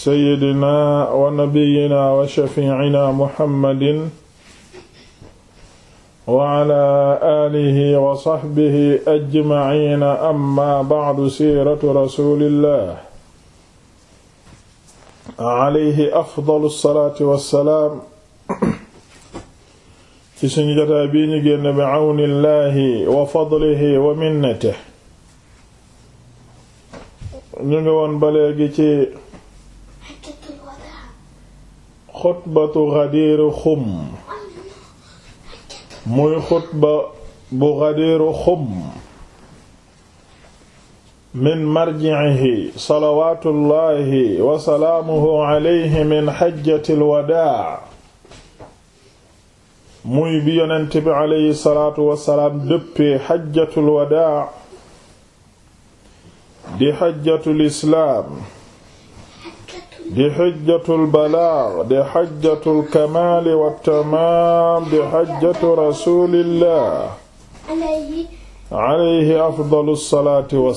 sayyidina wa nabiyyina wa shafiicina muhammadin wa ala aalihi wa saxbihi ajmaciina amma bacdu siiratu rasuulillah alayhi afdalu salaati wa salaam ci suñu jotaay bii ñu génn bi cawni llahi wa fadlihi wa minnatihi ñu ngi woon ba léegi ci xutbatu Ghadir Khoum muy xutba bu Ghadir Khoum min marji'ihi salawaatullahi wa salaamuhu alayhi min hajjatil wadaa muy bi yonent bi alayhi salaatu wa salaam dëppee hajjatul wadaa di hajjatul islaam di xajjatul balaag di xajjatul kamaal wa tamaam di xajjatu rasuulillah alayhi afdalu salaati wa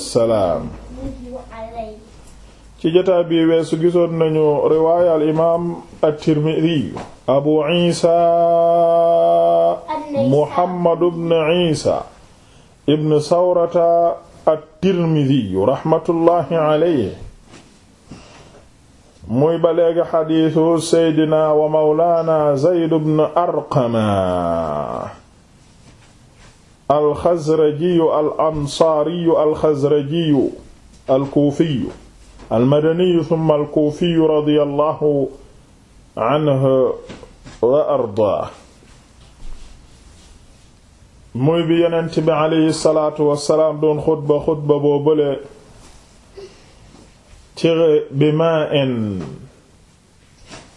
ci jotaay bi weesu nañu riwaaya al imaam at-Tirmidi abu Iisa Muhammad ibn Iisa ibn Sawrata at-Tirmidi rahmatullahi muy ba léegi xadiisu seydina wa mawlaana Zayd ibn Arqama alxazrajiyu al ansaariyu alxazrajiyu alkuufiyu almadaniyu summa alkuufiyu radiyallahu anhu wa ardaa muy bi yonent bi alayhi salaatu wassalaam doon xutba xutba boobale ci bi ma'in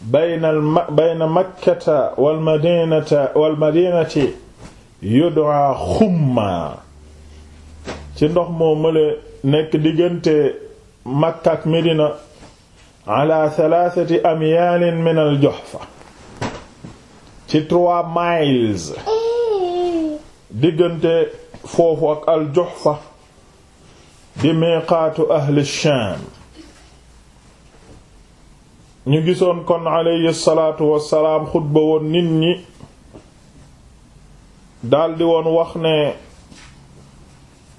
bayna bayna makkata wal madinata xumma ci ndox moo male nekk diggante makka ak medina ala thalathati amyaalin min al juhfa ci trois miles diggante foofu ak di miqaatu ahli sham ñu gisoon kon alayhi salaatu wassalaam xutba woon nit ñi daldi woon wax ne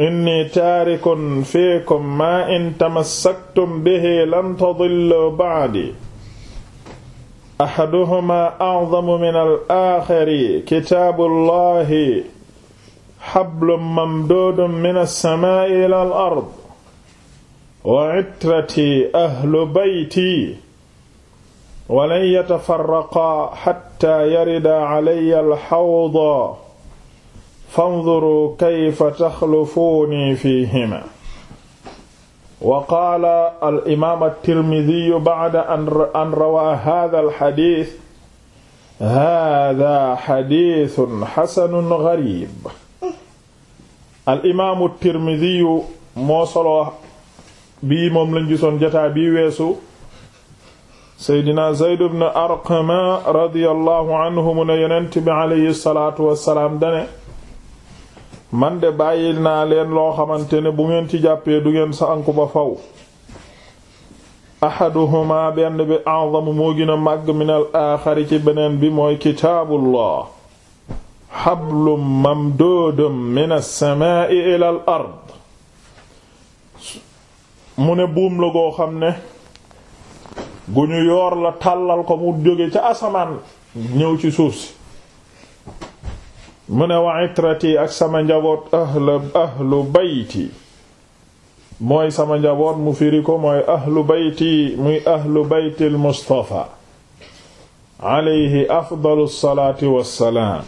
inni taarikun fiikum maa in tamassaktum bihi lan tadillu ba'di ahaduhuma a'zamu min al-aaxari kitaabullahi hablum mamduudun min as-samaa'i ard wa ahlu bayti walan yatafaraqaa xatta yarida calaya alxawda fanduruu kayfa taxlufuuni fiihima wa qaala alimaam altirmidiyu bacda an rawaa hada alxadis hada xadisun xasanun garib alimaamu tirmidiyu moo solo bii moom lañ gisoon jataa bii weesu seydina zayd ibn arqama radiyallahu anhu mu ne yonent bi aleyhi salaatu wassalaam dane man de bàyyil naa leen loo xamante ne bu ngeen ci jàppee du ngeen sa anku ba faw ahaduhuma benn bi a'zamu moo gën a màgg minal aaxari ci beneen bi mooy kitaabullah hablum mamduudum minas samaa'i ilal ard mu ne buum la goo xam ne gu ñu yoor la tàllal ko mu jóge ca asamaan ñëw ci suuf si mu ne wa itrati ak sama njaboot ahlu ahlu mooy sama njaboot mu firi ko mooy ahlu bayti muy ahlu baytil mustafa alayhi afdalu salaati wassalaam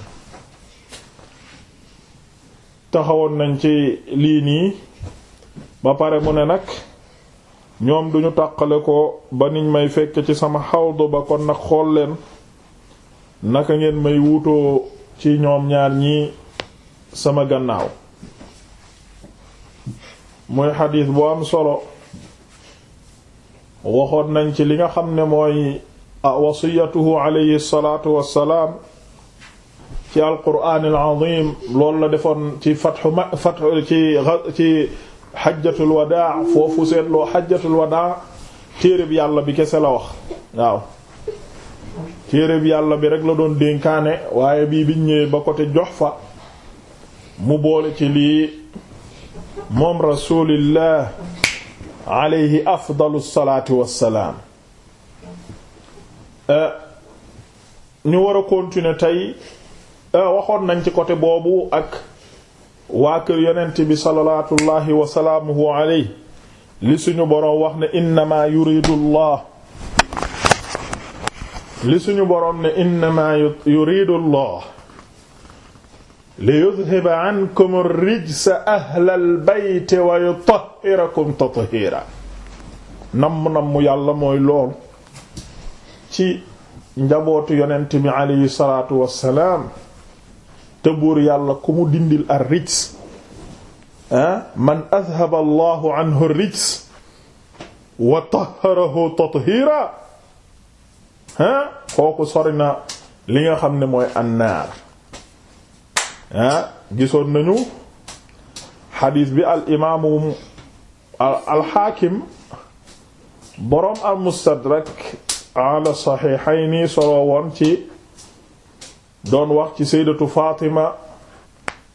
taxawoon nañ ci lii nii ba pare mu ne nag ñoom duñu tàqale ko ba niñ may fekk ci sama xawdu ba kon nag xool leen naka ngeen may wutoo ci ñoom ñaar ñi sama gannaaw muy xadiis bu am solo waxoon nañ ci li nga xam ne mooy wasiyatuhu alayhi salaatu wassalaam ci alquraan al azim loolu la defoon ci fatxu ma fatxu ci ci xajjatul wadaa foofu seetloo xajjatul wadaa téereb yàlla bi kese la wax waaw téereb yàlla bi rek la doon dénkaane waaye bii biñ ñëwee ba côté jox fa mu boole ci lii moom rasulillah alayhi afdalu salaatu wassalaam ñu war continuer tey euh, waxoon nañ ci côté boobu ak waa kër yonent bi salawaatullahi wa salaamuhu alayhi li suñu boroom wax ne innama yuridu llah li suñu boroom ne innama yuridu llah li yudhiba ankum ar-rijsa ahlal bayti wa yutahhirakum tathiira namm namm yàlla mooy lool ci njabootu yonent bi alayhi salaatu wassalaam te buur yàlla ku mu dindil ar rijs ah, man adhaba allahu anhu rijs wa tahharahu tathira ah kooku sori na li nga xam ne mooy annaar ah gisoon nañu xadiis bi al imaamu al xaakim boroom al mustadrak ala saxiixayni solo woon ci doon wax ci saydatu Fatima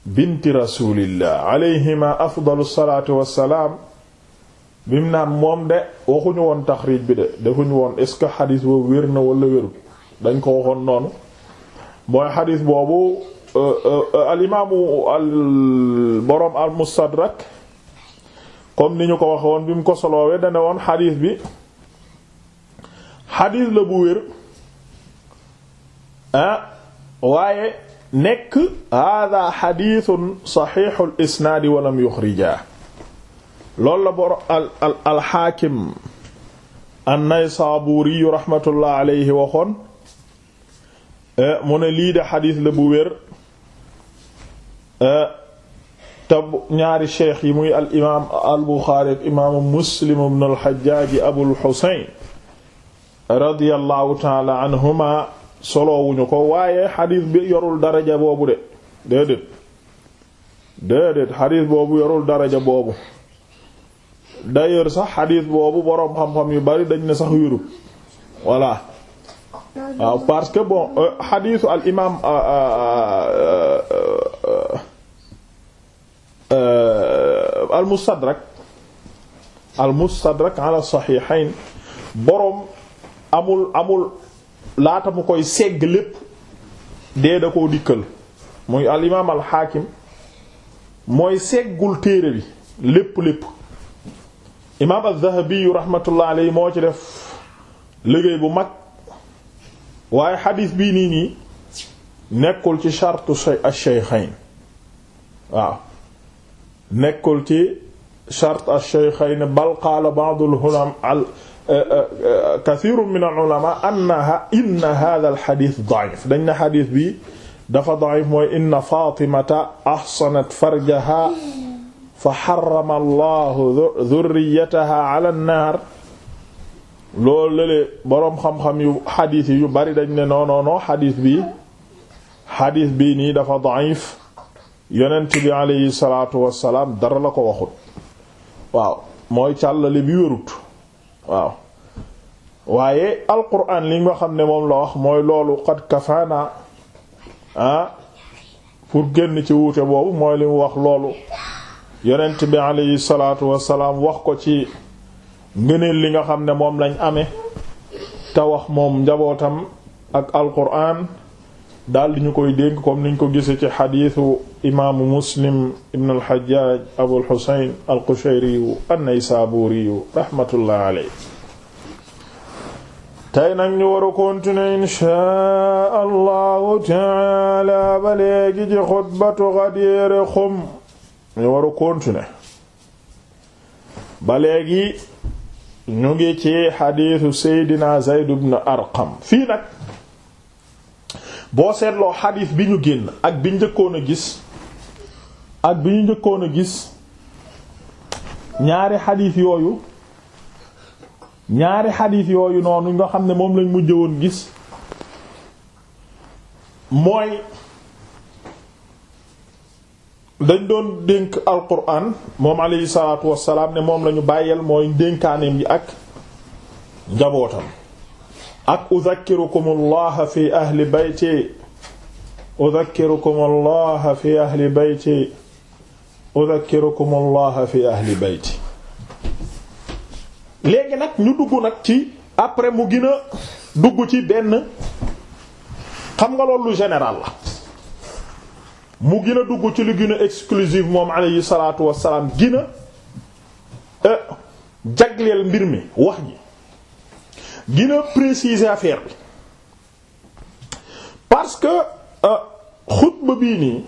binti rasulillah alayhima afdalu salaatu wassalaam bim naan moom de waxuñu woon taxriij bi de defuñu woon est-ce que xadis boobu wér na wala wéru dañ ko waxoon noonu mooy xadis boobu euh, euh, alimaamu al boroom al mustadrak comme ni ñu ko waxewoon woon bi ko soloowe dane woon xadis bi xadis la bu wér ah waaye nekk hada xadithun saxiixul isnaadi walam yuxrijaa loolu la boro al al alxaakim an-Naysaburi rahmatullah alayhi waxoon eh, mu ne lii de xadis la bu wér eh, te ñaari cheikh yi muy al imaam al Buxaari ak imaamu Muslim ibn al-Hajjaaj Abul Husayn radiyallahu ta'ala anhuma solowuñu ko waaye xadiis bi yorul daraja boobu de déedéet déedéet xadiis boobu yorul daraja boobu d'ailleurs sax xadiis boobu boroom xam-xam yu bari dañ ne sax wérul voilà waaw parce que bon euh, xadiisu al imaam euh, euh, al mustadrak al mustadrak ala saxiixayn boroom amul amul laata mu koy segg lépp dee da koo dikkal muy al imaam al xaakim mooy seggul téere bi lépp lépp imaam az-Zahabi rahmatullah alayhi moo ci def liggéey bu mag waaye xadiis bii nii nii nekkul ci shartu ash waaw nekkul ci shart ash-shaykhayn bal qaala ba'd al-ulama eh, eh, kathirun min al-ulama anna inna hadha al-hadith da'if dañ na hadith bi dafa da'if mooy inna fatimata ahsanat farjaha fa harrama allahu dhurriyyataha ala an-nar loolu lëlee boroom xam-xam yu xadiis yi yu bari dañ ne non non non xadiis bi xadiis bii nii dafa da'if yonent bi alayhi salaatu wassalaam dara la ko waxut waaw mooy càllale bi wérut waaw waaye alquran li nga xam ne moom la wax mooy loolu qad kafaana ah pour génn ci wuute boobu mooy li wax loolu yonent bi alayhi salaatu wasalaam wax ko ci ngëneel li nga xam ne moom lañ ame te wax moom njabootam ak alquran daal di ñu koy dénk comme niñ ko gisee ci xadiisu imaamu muslim ibn al-Hajjaj Abul Husayn al-Qushayri rahmatullah alayhi tey nag ñu war a continuer inchaa allahu taala ba léegi ci xutbatu Ghadir ñu war a continuer ba léegi ñu ngi ci xadiisu Seydina Zayd ibn Arqam fii nag boo seetloo xadiis bi ñu génn ak bi njëkkoon a gis ak bi ñu njëkkoon a gis ñaari xadiis yooyu ñaari xadiis yooyu noonu nga xam ne moom lañ mujj woon gis mooy dañ doon dénk alquran moom alayhi salaatu wassalaam ne moom lañu bàyyeel mooy dénkaaneem yi ak njabootam ak udhakkirukum allah fi ahli bayti udhakkirukum allah fi ahli bayti udhakkirukum allah fi ahli bayti léegi nag ñu dugg nag ci après mu gën a dugg ci benn xam nga loolu général la mu gën a dugg ci lu gën exclusive moom alayhi salaatu wassalaam gën a euh, jagleel mbir mi wax ji gën a préciser affaire bi parce que euh, xutba bii nii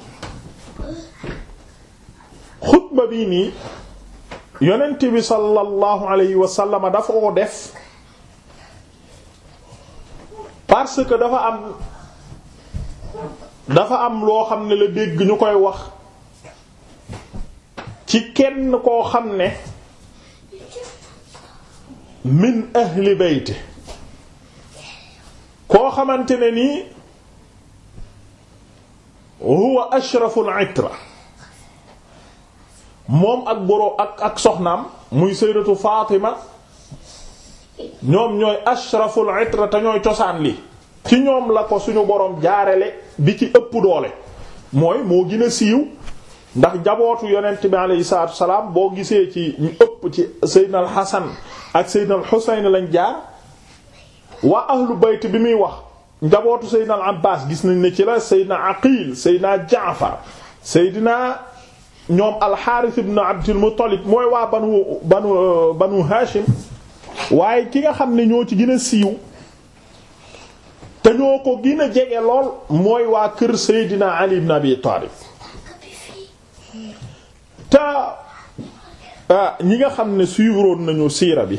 xutba bii nii yonent bi sallallahu alayhi wa sallam dafa ko def parce que dafa am dafa am loo xam ne la dégg ñu koy wax ci kenn koo xam ne min ahli bayti koo xamante ne nii huwa ashraful itra moom ak boroo ak ak soxnaam muy sayyidatu Fatima ñoom ñooy ashraful itra te ñooy cosaan li ci ñoom la ko suñu borom jaarale bi ci ëpp doole mooy moo gën a siiw ndax jabootu yonent bi alayhi salaam boo gisee ci ñu ëpp ci Seydina al ak Seydina al lañ jaar waa ahlu bayt bi muy wax njabootu Seydina al gis nañ ni ci la Seydina Aqil Seydina Jaafar Seydina ñoom al Haaris ibn mooy waa banu banu Haashim waaye ki nga xam ne ñoo ci gën a siiw te ñoo ko gën a jege lool mooy waa kër Seydina Ali ibn Abi Taalib te ah ñi nga xam ne suivroon nañu siira bi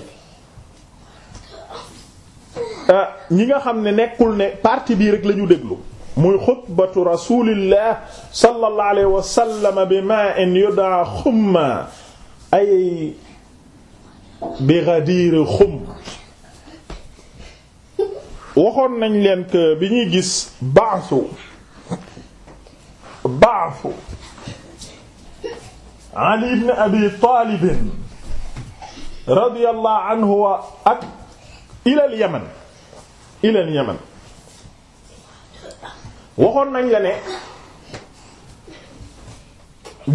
ah, ñi nga xam ni nekkul ne partie bii rek lañu déglu muy xutbatu rasulillah sallallahu alayhi wa sallam bi ma'in yudaa xumma ay bi ghadir xum waxoon nañ leen que bi ñuy gis baasu baaxu Ali ibn Abi Taalib radiyallahu anhu wa ak ilal Yaman ilal Yaman waxoon nañ la ne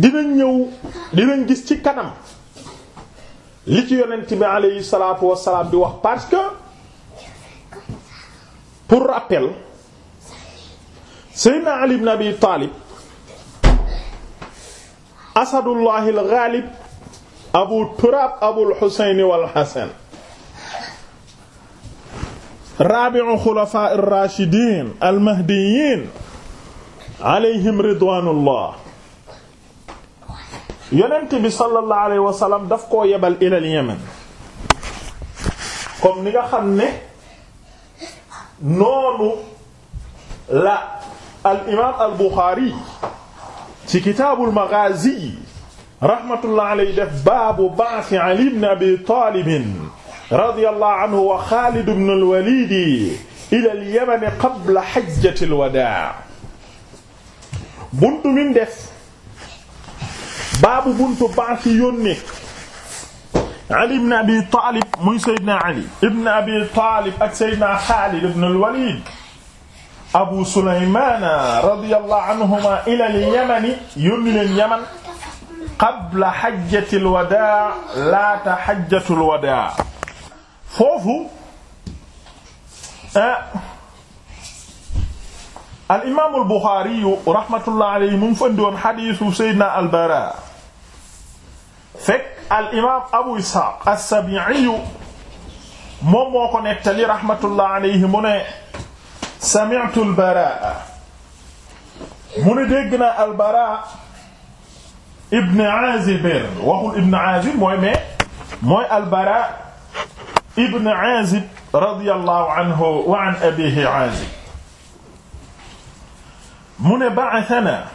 dinañ ñëw dinañ gis ci kanam li ci yonent bi alayhi salaatu wassalaam di wax parce que pour rappel Seydina Ali ibn Abi Taalib asadullah al ghalib abu turaab abul xuseyn wal xasan raabi'u xulafaa ar raashidiin al mahdiyyiin alayhim ridwaanullah yonent bi sallallahu alayhi wa sallam daf koo yebal ilal yemen comme ni nga xam ne noonu la al imaam al buxaari ci kitaabul maghaazi rahmatullah alayhi def baabu ba'si Ali ibn Abi Taalib radiyallahu anhu wa Xaalid ibn al-Waliid ilal Yaman qabla hajjatil wadaa buntu mi mu def baabu buntu ba'si yónni Ali ibn Abi Taalib muy Seydina Ali ibn Abi Taalib ak Seydina Xaalid ibn al-Waliid abu sulaymana radiyallahu anhuma ila al-yamani yónni leen yaman qabla hajjatil wadaa laata hajjatul wadaa foofu ah, al imaam al buxaari rahmatullahi alayhi mu ngi fa indiwoon hadiisu sayyidina al baraa fekk al imaam abu isxaaq as-sabii'i moom moo ko nettali rahmatullahi alayhi mu ne sami'tu al-Baraa mu ne dégg naa al-Baraa ibn Aazib waxul ibn Aazib mooy mais mooy al-Baraa ibn Aazib radiyallahu anhu wa an abiihi Aazib mu ne ba'athanaa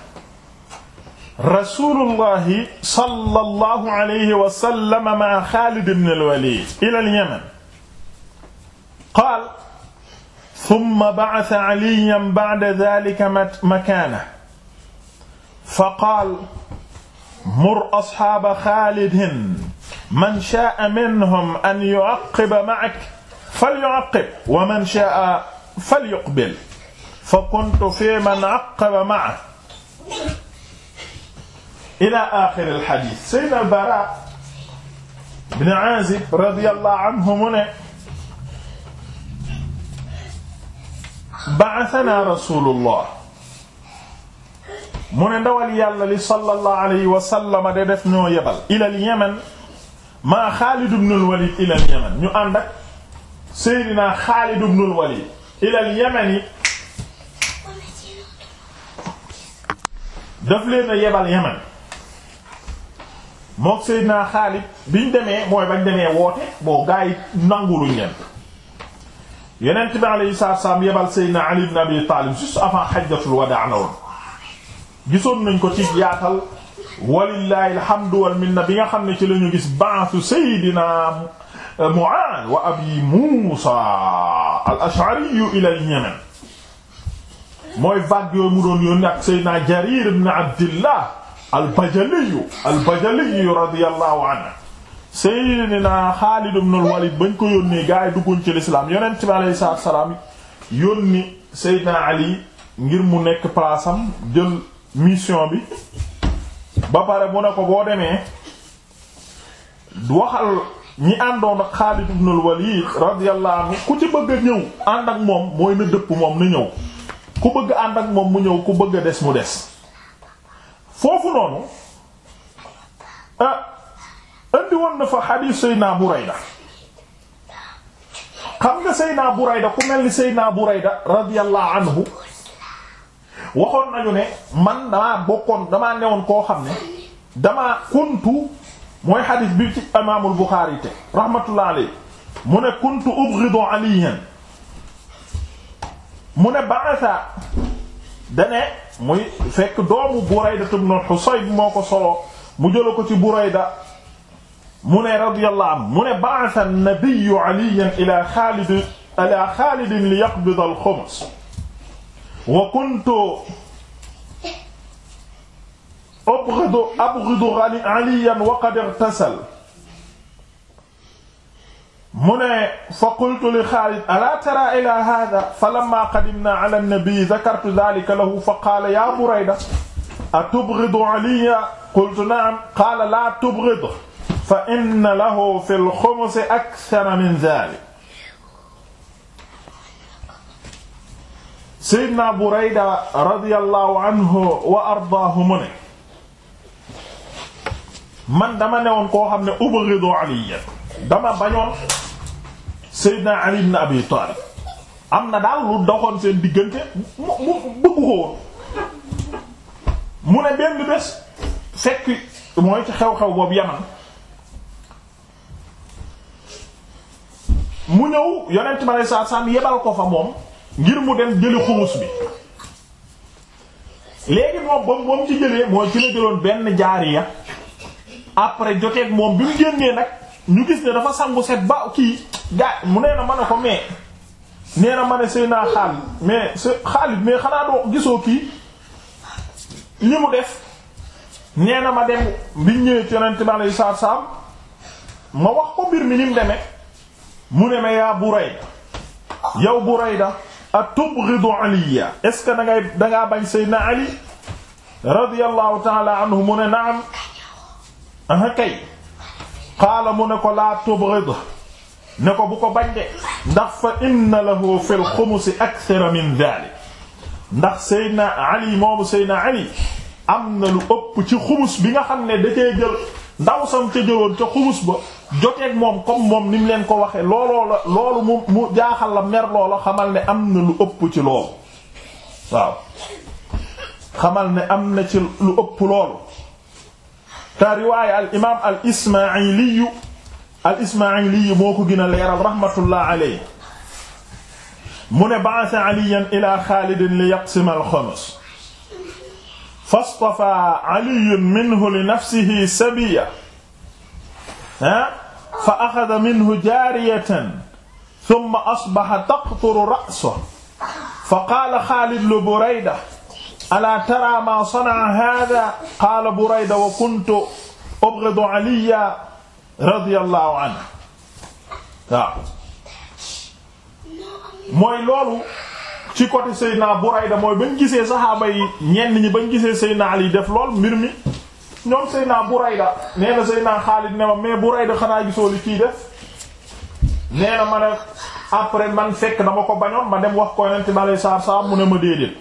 rasuulullahi sallallahu alayhi wa sallam ma'a Xaalid ibn al-Waliid ila al-Yaman qaala summa ba'asa caliyan bacda daalika makaana fa qaal mur asxaaba xaalidin man shaa'a minhum an yucaqqiba macak falyucaqqib wa man shaa'a falyuqbil fa kuntu fii man caqaba macahu ilaa aaxiril xadiis. Sayyidinaa Baraa bin Aazib radiyallaahu anhu mu ne ba'athana rasulullah mu ne ndawal yàlla li sallallahu alayhi wa de def ñoo yebal ilal yemen maa Xaalid ibnul Walid ilal yemen ñu ànd ak Seydina Xaalid ibnul Walid ilal yemen yi daf leen a yebal yemen mook Seydina Xaalid biñ demee mooy bañ demee woote boo gaa yi nanguluñ yonent bi alayhi salaatu salaam yebal Seydina Ali ibn Abi Taalib juste avant xajjatul wadaa na woon gisoon nañ ko ci yaatal walillahi alhamdu wal minna bi nga xam ne ci la ñu gis ba'su Seydina euh, Mu'aaz wa Abi Muusaa al-Ash'ari ila al-Yaman mooy vague yooyu mu doon yónni ak Seydina Jariir ibn Abdillah al-Bajali al-Bajali radiyallahu anhu Seydina Xaalid ibn al-Walid bañ ko yónnee gaa yi dugguñ ci lislaam yonent bi aleyhi salaatu salaam yónni Seydina Ali ngir mu nekk palaasam jël mission bi ba pare mu ne ko boo demee waxal ñi àndoon ak Xaalid ibn al-Walid radiyallahu anhu ku ci bëgg a ñëw ànd ak moom mooy na dëpp moom na ñëw ku bëgg ànd ak moom mu ñëw ku bëgg a des mu des foofu noonu ah, indi woon na fa xadiis Seydina Burayda xam nga Seydina Burayda ku mel ni Seydina Burayda radiyallahu anhu waxoon nañu ne man damaa bokkoon damaa newoon koo xam ne dama kuntu mooy xadiis bi ci imaamul te rahmatullahi alayhi mu ne kuntu ubghidu Aliyan mu ne ba'atha dane muy fekk doomu Burayda ibn Husayb moo ko solo mu jëla ko ci Burayda mu ne radiyallahu anhu mu ne ba'atha an-nabiyyu Aliyyan ila Xaalid ila Xaalid li yaqbida al-xumus wa kuntu abghidu abghidu Aliyyan wa qad ightasala mu ne fa qultu li Xaalid alaa taraa ilaa haadhaa falammaa qadimnaa ala an-nabiyyi dhakartu dhaalika lahu fa qaala yaa Burayda atubghidu Aliyyan qultu na'am qaala laa tubghidhu fa inna lahu fi al-xumus akthar min dhalik Seydina Burayda radiyallahu anhu wa ardaahu mu ne man dama newoon koo xam ne ubghidu Aliya dama bañoon Seydina Ali ibn Abi Taalib am na daal lu doxoon seen diggante mu mu bëgg ko woon mu ne benn bés fekk mooy ci xew-xew boobu Yaman mu ñëw yonent ma lay saa saam yebal ko fa moom ngir mu dem jëli xumus bi léegi moom ba moom ci jëlee mooy ci la jëloon benn jaariya après joteeg moom bi mu génnee nag ñu gis ne dafa sangu set ba kii gaa mu nee na ma ne ko mais neena na ma ne sëy naa mais sa Xaalid mais xanaa doo gisoo kii li mu def nee na ma dem bi ñëwee ci yonent ma lay saa saam ma wax ko mbir mi ni mu demee. mu ne ma yaa Burayda yow Burayda atubghidu Aliya est-ce que da ngay dangaa bañ Seydina Ali radiyallahu ta'ala anhu mune naam aha kay qaala mu ko laa tubghid ne ko bu ko bañ ndax fa inna lahu fil xumus akthara min dhalik ndax Seydina Ali moomu Seydina Ali am na lu ëpp ci xumus bi nga xam ne da cee jël ndaw sam ca jëloon ca xumus ba joteeg moom comme moom ni leen ko waxee looloo la loolu mu jaaxal la mer loola xamal ne am na lu ëpp ci loolu waaw xamal ne am na ci lu ëpp loolu te riwaayé al imam al ismailiyu al ismailiyu moo ko gën leeral rahmatullah alayhi mu ne ba'atha aliyan ila xaalidin li yaqsima al xamas fastafa aliyun minhu li nafsihi sabiya ah fa axada minhu jaariyatan summa asbaxa taqturu ra'sahu fa qaala xaalid li burayda alaa taraa maa sana'a haadaa qaala burayda wa kuntu ubghidu aliya radiyallahu anhu waaw mooy loolu ci côté Seydina Burayda mooy bañ gisee saxaaba yi ñenn ñi bañ gisee Seydina Ali def lool mbir mi ñoom Seydina Burayda nee na Seydina Xaalid ne ma mais Burayda xanaa gisoo li kii def nee ma ne après man fekk dama ko bañoon ma dem wax ko Yonent bi alayhi salaatu salaam mu ne ma déedéet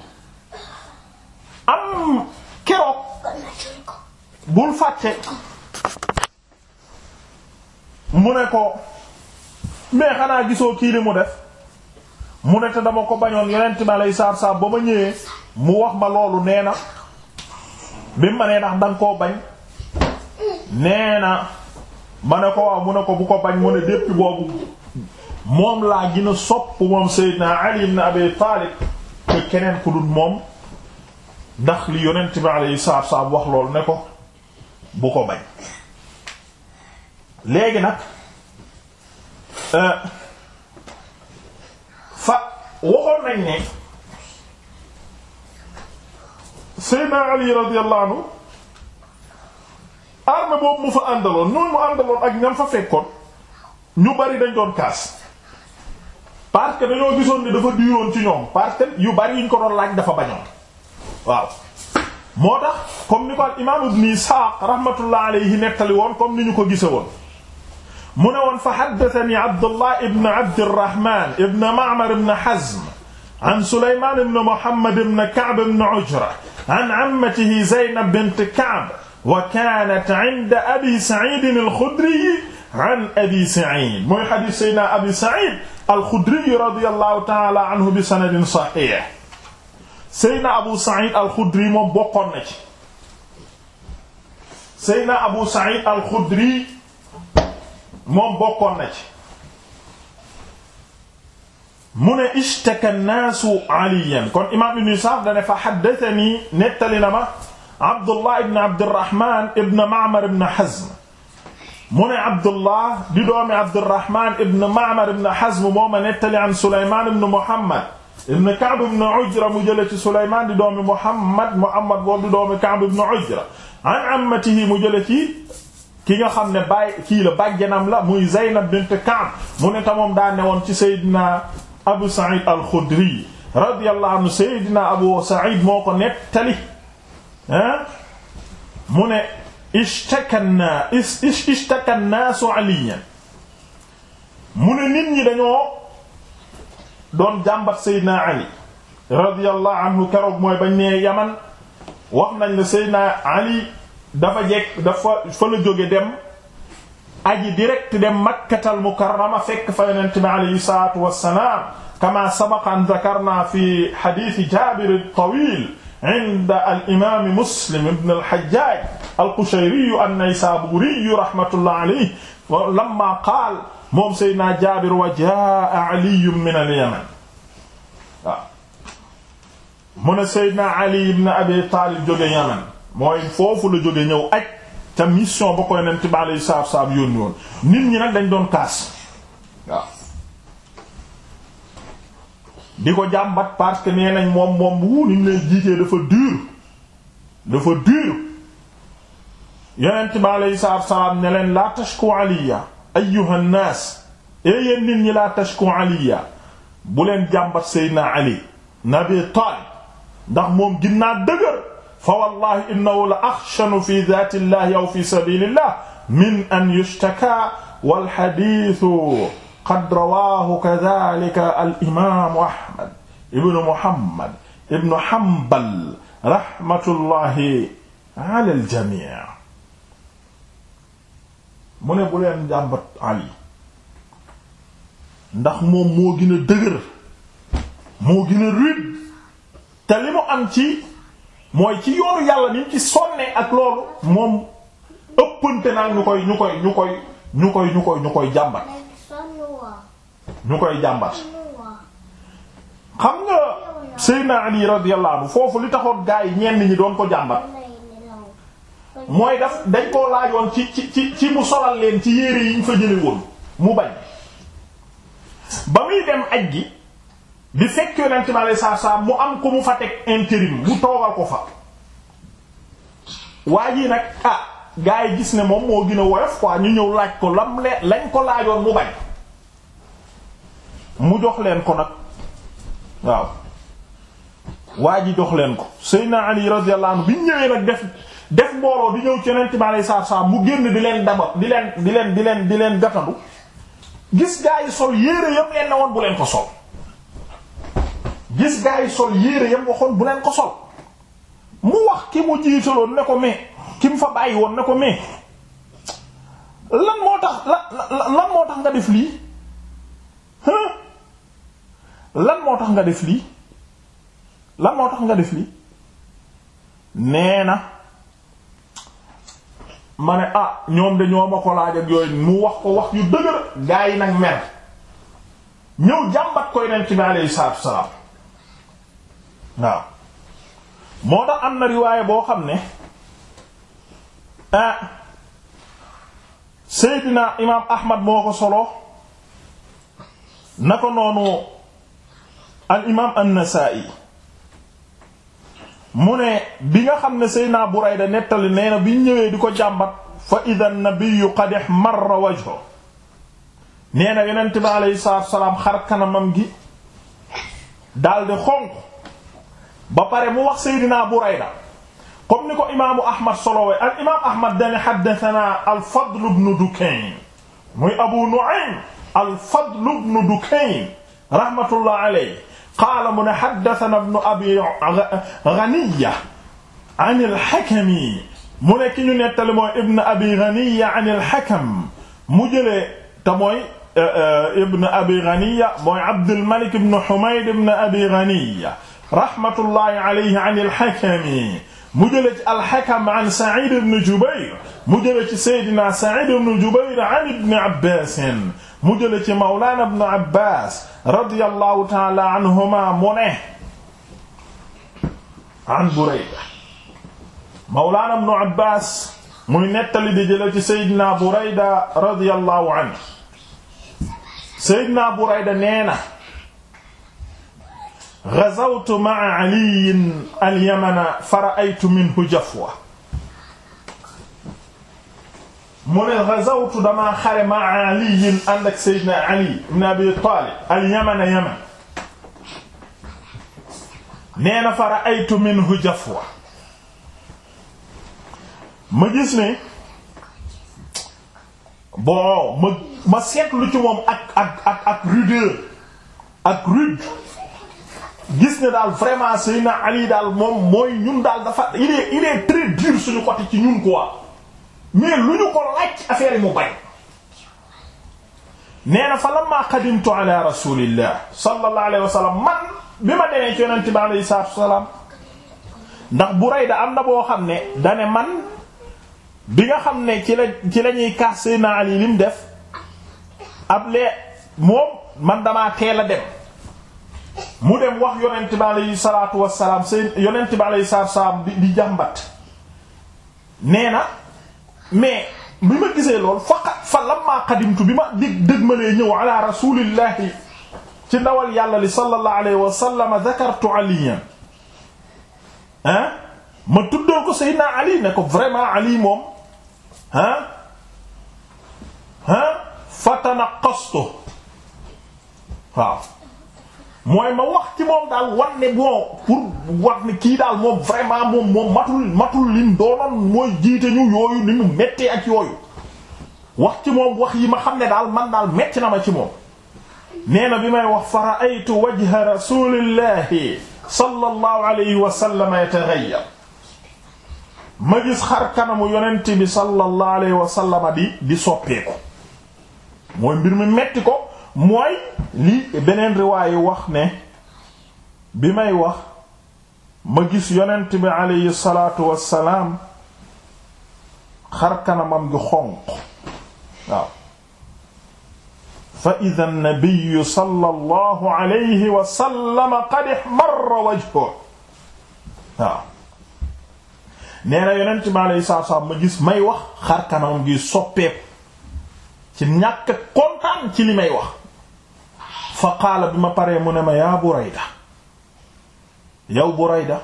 am keroog bul fàtte mu ne ko mais xanaa gisoo kii li mu def mu ne te dama ko bañoon yonent bi alay saar saar ba ma ñëwee mu wax ma loolu nee na bi ma nee ndax danga koo bañ nee na ma ne ko waaw mu ne ko bu ko bañ mu ne depuis boobu moom laa gën a sopp moom Seydina Ali ibn Abi Taalib que keneen ku dul moom ndax li yonent bi alayhi salaatu salaam wax loolu ne ko bu ko bañ léegi nag euh, fa waxoon nañ ne Seydina Ali radiyallahu anhu arme boobu mu fa àndaloon ñooñu mu àndaloon ak ñam fa fekkoon ñu bari dañ doon kaas parce que dañoo gisoon ni dafa diiroon ci ñoom parce yu bari yuñ ko doon laaj dafa bañoon waaw moo tax comme ni ko al imaam Ibn Isaaq rahmatullah yi nettali woon comme ni ñu ko gise woon mu ne woon fa haddathani Abdullah ibn Abdirrahman ibn Ma'mar ibn Hazm an Sulayman ibn Muhammad ibn Ka'b ibn Ujra an ammatihi Zaynab bint Ka'b wa kaanat 'inda Abi Sa'id al-Khudri an Abi Sa'id mooy hadiis Sayyidina Abi Sa'id al-Khudri radiyallahu ta'ala anhu bi sanadin sahih Sayyidina Abu Sa'id al-Khudri moom bokkoon na ci Sayyidina Abu Sa'id al-Khudri moom bokkoon na ci mu ne ishtaka naasu aliyan kon imaam ibn Isaaq dane fa haddathani nettali na ma Abdullah ibn Abdurrahman ibn Ma'mar ibn Hazm mu ne Abdullah di doomi Abdurrahman ibn Ma'mar ibn Hazm moo ma nettali an Sulaymaan ibn Muhammad ibn Ka'b ibn Ujra mu jële ci Sulaymaan di doomi Muhammad Muhammad boobu di doomi Ka'b ibn Ujra an ammatihi mu jële ci ki nga xam ne baay kii la bàjjanam la muy Zaynab bint Ka'b mu ne ta moom daa newoon ci Seydina Abu Sa'id al-Khudri radiyallahu anhu Seydina Abu Sa'id moo ko nettali ah mu ne ishtakanna ishtakannaasu aliyan mu ne nit ñi dañoo doon jàmbat Seydina Ali radiyallahu anhu keroog mooy bañ nee Yaman wax nañ ne Seydina Ali dafa jekk dafa fa la jóge dem aji direct dem makkatal mukarrama fekk fa yonent bi alayhi salaatu wassalaam kama sabaqa an dhakarna fi hadith jabir at-tawil inda al-imam muslim ibn al-hajjaj al-qushayri an-naysaburi rahmatullah alayhi lamma qaala moom sayyidina jabir wa jaa ali min al-yaman mu ne sayyidina ali ibn abi talib jóge yaman mooy foofu la jóge ñëw ak te mission ba koy nen ci bàyyi saab saab yónni nit ñi nag dañ doon kaas waaw di ko jàmbat parce que nee nañ moom moom wu ni ñu leen jiitee dafa dur dafa dur yonent bi aleyhi salaatu ne leen laa tashku aliya ayyuha nnaas yéen nit ñi laa tashku aliya bu leen jàmbat Seydina Ali nabi Taalib ndax moom ginnaa dëgër fa wallahi innahu la axshanu fi dati illah aw fi sabilillah min an yushtaka walxadisu qad rawahu kadalika alimamu ahmad ibnu muhammad ibnu hambal rahmatullahi ala aljami mu ne bu leen jàmbat ali ndax moom moo gën a dëgër moo gën a rude te li mu am ci mooy ci yoonu yàlla ni ci sonne ak loolu moom ëppante naa ñu koy ñu koy ñu koy ñu koy ñu koy ñu koy jàmbat ñu koy jàmbat xam nga Seydina Ali radiyallahu anhu foofu li taxoon gaa yi ñenn ñi doon ko jàmbat mooy daf dañ koo laajoon ci ci ci ci mu solal leen ci yére yi ñu fa jële woon mu bañ ba muy dem aj gi di fekk yonent bi aleyhi salaatu mu am ko mu fa teg intérim mu toogal ko fa waa nag ah gaa yi gis ne moom moo gën a woyof quoi ñu ñëw laaj ko lam leen lañ ko laajoon mu bañ mu jox leen ko nag waaw waa ji jox leen ko Seydina Ali radiyallahu anhu bi ñëwee nag def def mbooloo di ñëw ci yonent bi aleyhi salaatu mu génn di leen daba di leen di leen di leen di leen gatandu gis gaa yi sol yére yam leen ne woon bu leen ko sol gis gaa yi sol yére yam waxoon bu leen ko sol mu wax ki mu jiitaloon ne ko mais ki mu fa bàyyi woon ne ko mais lan moo tax lan moo tax nga def lii lan moo tax nga def lii lan moo tax nga def lii nee na ma ne ah ñoom de ñoo ma ko laaj ak yooyu mu wax ko wax yu dëgër gaa yi nag mer ñëw jàmbat koy nen ci bi aleyhi salaatu salaam waaw moo tax am na riwaaya boo xam ne ah Seydina imaam Ahmad moo ko solo na ko noonu al imaam an-Nasaa'i mu ne bi nga xam ne Seydina Burayda nettali nee na bi ñëwee di ko jàmbat fa idha an-nabiyyu qad ihmarra wajhu nee na yonent bi alayhi salaatu salaam xar kanamam gi daldi xonq ba pare mu wax Seydina Burayda comme ni ko imaamu Ahmad solowee al imaam Ahmad dane haddathana al Fadl ibn Dukayn muy Abu Nu'aym al Fadl ibn Dukayn rahmatullah alayhi qaala mu ne haddathana ibn Abi Ghaniya an al-Hakam mu ne ki ñu nettali mooy ibn Abi Ghaniya an al-Hakam mu jëlee te mooy eh, eh, ibn Abi Ghaniya mooy Abdul Malik ibn Humayd ibn Abi Ghaniya rahmatullahi alayhi an al-Hakami mu jëlee ci al-Hakam an Sa'id ibn Jubayr mu jëlee ci Seydina Sa'id ibn Jubayr an Ibn Abbas mu jëlee ci Mawlana Ibn Abbas radiyallahu ta'ala anhuma mu ne an Burayda Mawlana Ibn Abbas muy nettali di jëlee ci Seydina Burayda radiyallahu anhu Seydina Burayda nee na ghazawtu ma'a aliyin alyamana fa ra'aytu minhu jafwa mu ne ghazawtu damaa xare ma'a aliyin ànd ak sayyidina ali ibn abi talib alyamana yaman nee na fa ra'aytu minhu jafwa ma gis ne bon ma ma seetlu ci moom ak ak ak ak rudeur ak rude gis ne daal vraiment Seydina Ali daal moom mooy ñun daal dafa il est il est suñu côté ci ñun quoi mais lu ñu ko laaj affaire yi mu bay nee na fa lamma qadimtu ala rasulillah sallallahu alayhi wa man bi ma demee ci yonente bi alayhi salaatu wa salaam ndax da am na boo xam ne dane man bi nga xam ne ci la ci la ñuy kaas Seydina Ali lim def ab lee moom man damaa teel a dem mu dem wax yonent bi aleyhi salaatu wassalaam seen yonent bi aleyhi salaatu wassalaam di di jàmbat nee na mais bi ma gisee lool faqat fa lamma qadimtu bi ma dig dëgmalee ñëw ala rasulillahi ci ndawal yàlla li sallallahu alayhi wa sallam zakartu aliyan ah ma tuddoo ko Seydina Ali ne ko vraiment Ali moom ah ah fa tanaqastu waaw mooy ma wax ci moom daal wan ne bon pour wax ne kii daal moom vraiment moom matul matul lim doonoon mooy jiite ñu yooyu ni mu méttee ak yooyu wax ci moom wax yi ma xam ne daal man daal metti na ma ci moom nee na bi may wax fa ra'aytu wajha rasulillahi sallallahu alayhi wa sallam yataghayyar ma gis xar kanamu yonent bi sallallahu alayhi wa sallam di di soppeeku mooy mbir mi metti ko mooy li beneen riwaayu wax ne bi may wax ma gis yonent bi aleyhi salaatu wassalaam xar kanamam gi xonq waaw fa ida nnabiyu sallallahu alayhi wa sallam qad ihmarra nee na yonent bi ma gis may wax xar kanamam gi soppeeku ci ñàkk kontaan ci li may wax fa qaala bi ma paree mu ne ma yaa Burayda yow Burayda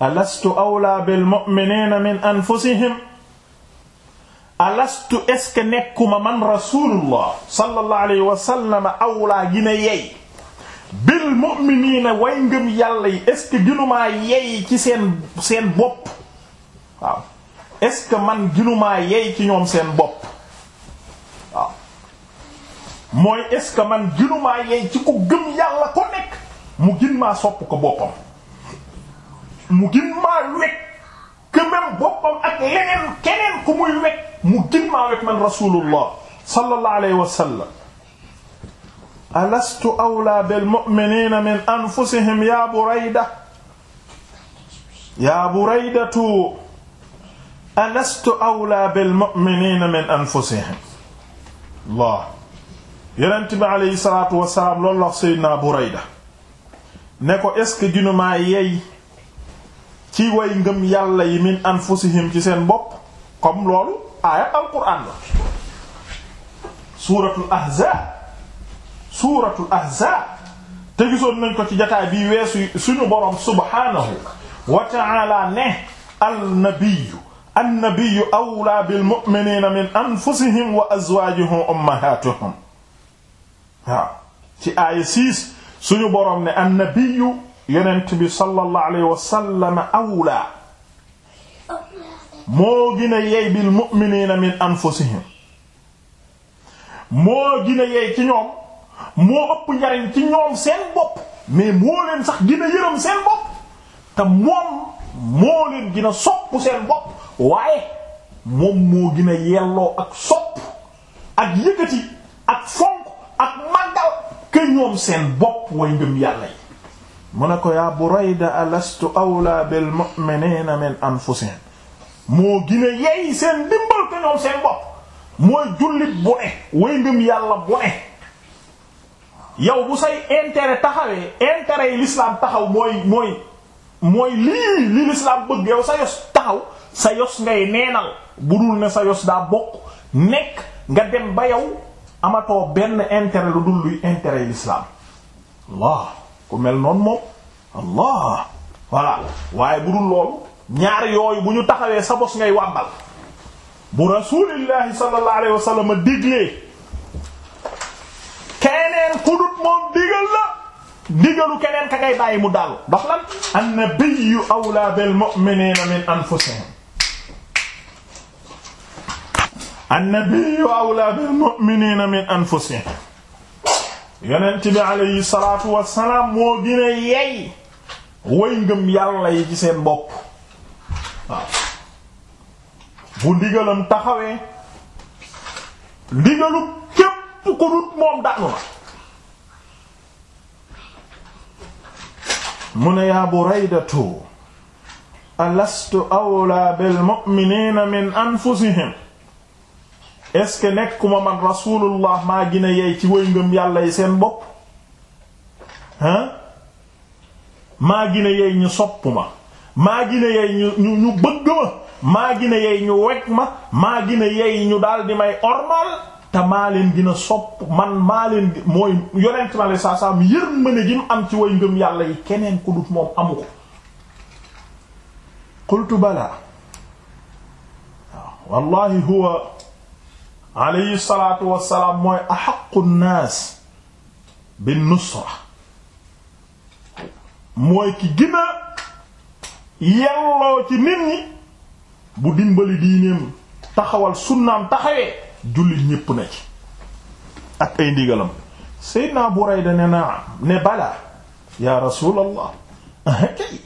alastu awlaa bil mu'miniina min anfusihim alastu est-ce que nekkuma man rasulullah sallallahu alayhi wa sallam awlaa gina yey bil mu'miniina way ngëm yàlla yi est-ce que ginumaa yey ci seen seen bopp waaw est-ce que man ginumaa yey ci ñoom seen bopp mooy est-ce que man ginumaa yey ci ko gëm yàlla ko nekk mu gin maa sopp ko boppam mu gin maa wekk que même boppam ak leneen keneen ku muy wekk mu gin maa wekk man rasulullah sallallahu alayhi wa sallam alastu awla bil mu'minina min anfusihim ya burayda ya buraydatu alastu awla bil mu'minina min anfusihim Allah yonent bi aleyhi salaatu wasalaam loolu wax ko est-ce que ginumaa yey ci way ngëm yàlla yi min anfusihim ci seen bopp comme loolu aaya alquran la suuratul ahzaab suuratul ahzaab te gisoon nañ ko ci jataay bi weesu suñu boroom subhaanahu wa ta'ala ne annabiyu annabiyu awlaa bil mu'miniina min anfusihim wa azwaajuhum ummahaatuhum waaw ci aaya suñu borom ne annabiyu yonent bi sallallahu alayhi wa sallam awlaa moo gën a yey bil mu'minina min anfusihim moo gën a yey ci ñoom moo ëpp njariñ ci ñoom seen bopp mais moo sax gën a yërëm seen bopp te moom moo leen gën seen bopp waaye moom moo gën a yelloo ak sopp ak yëkkati ak fonk ak màggal que ñoom seen bopp way ngëm yàlla yi mu ne ko yaa Burayda alastu awla bil mu'minina min anfusihim moo gine yey seen dimbal que seen bopp mooy jullit bu way ngëm yàlla bu yow bu say intérêt taxawee intérêt yi l'islam taxaw mooy mooy mooy lii li l'islam bëgg yow sa yos taxaw sa yos ngay neenal bu dul ne sa yos daa bokk nekk nga dem ba yow amatoo benn intérêt lu dul luy intérêt yi allah ku mel noonu moom allah waaye bu dul loolu ñaar yooyu bu ñu taxawee sa bos ngay wàmbal bu rasulillahi sallallahu alayhi wa sallam diglee keneen ku moom digal la digalu keneen ka ngay bàyyi mu daal ndax lan annabiyyu awla bil min anfusihim annabiyyu awlaa bil mu'miniina min anfusihim yonent bi alayhi wassalaam moo gën yey way ngëm yàlla yi ci seen bopp bu ndigalam taxawee ndigalu képp ku moom daanu na mu ne yaa Buraydatu alastu awlaa bil min anfusihim est-ce que nekkuma man rasulullah maa gina yey ci way ngëm yàlla yi seen bopp maa gina yey ñu sopp ma maa gina yey ñu ñu bëgg ma maa gina yey ñu weg ma maa gina yey may ormal te maa leen gina sopp man maa leen mooy yonent ma la saa saa mu yërmande gi mu am ci way yàlla yi keneen ku moom amu ko qultu balaa waaw wallahi huwa alayhi salaatu wassalaam mooy axaqu nnaas bi nusra mooy ki gën a ci nit ñi bu dimbali diineem taxawal sunnaam taxawee jullit ñépp na ci ak ay ndigalam Seydina Burayda ne naa ne bala ya rasulallah kay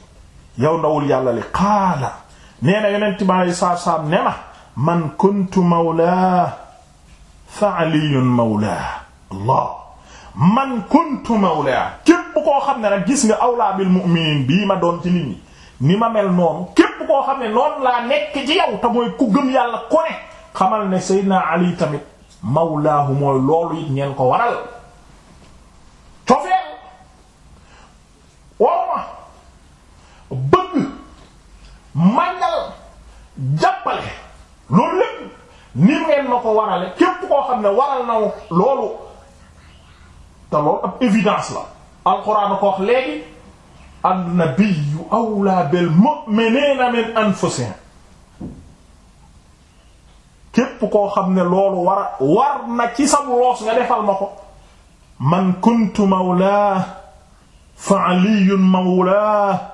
yow ndawul yàlla li qaala nee na yonent bi ne ma man kuntu mawla fa aliyun mawlaa allah man kuntu mawlaa képp koo xam ne nag gis nga awlaa bil mu'miniin bii ma doon ci nit ni ma mel noonu képp koo xam ne noonu laa nekk ci yow te mooy ku gëm yàlla ko ne xamal ne seydina ali tamit mawlaahu mooy loolu it ngeen ko waral cofeel wooma bëgg màngal jàppale loolu lépp ni ngeen na ko warale képp koo xam ne waral na loolu te loolu ab évidence la alquran ko wax léegi an nabiyyu awla bil mu'minina min anfusihim képp koo xam ne loolu war a na ci loos nga ma ko man kuntu mawlaa fa aliyyun mawlaa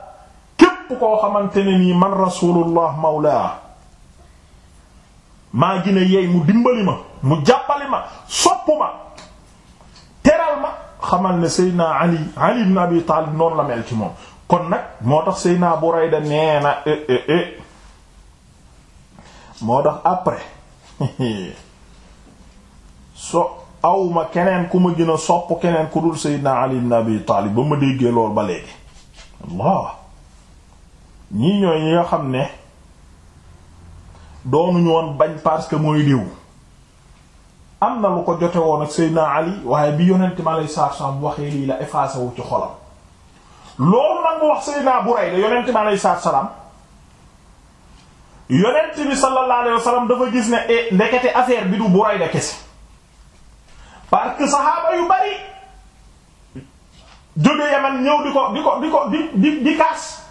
képp koo xamante ne nii man rasulullah mawlaa maa gina yeey mu dimbali ma mu jàppali ma sopp ma teral ma xamal ne Seydina Ali Ali ibn Abi Taalib noonu la mel ci moom kon nag moo tax Seydina Burayda nee na eh, eh, eh. moo tax après so awma keneen ku ma gën a sopp keneen ku dul Seydina Ali ibn Abi Taalib ba ma déggee lool ba léegi Allah ñii ñooy ñi nga xam ne doonuñu woon bañ parce que mooy diw am na lu ko jote woon ak Seydina Ali waaye bi yonent mi alayhi salaatu salaam waxee lii la effacé wu ci xolam loolu nag mu wax Seydina Burayda yonent mi alayhi salaam yonent bi sallallahu alayhi wa dafa gis ne eh, ndekete affaire bi du Burayda kese parce que saxaaba yu bari jóge Yaman ñëw di ko di ko di ko di kaas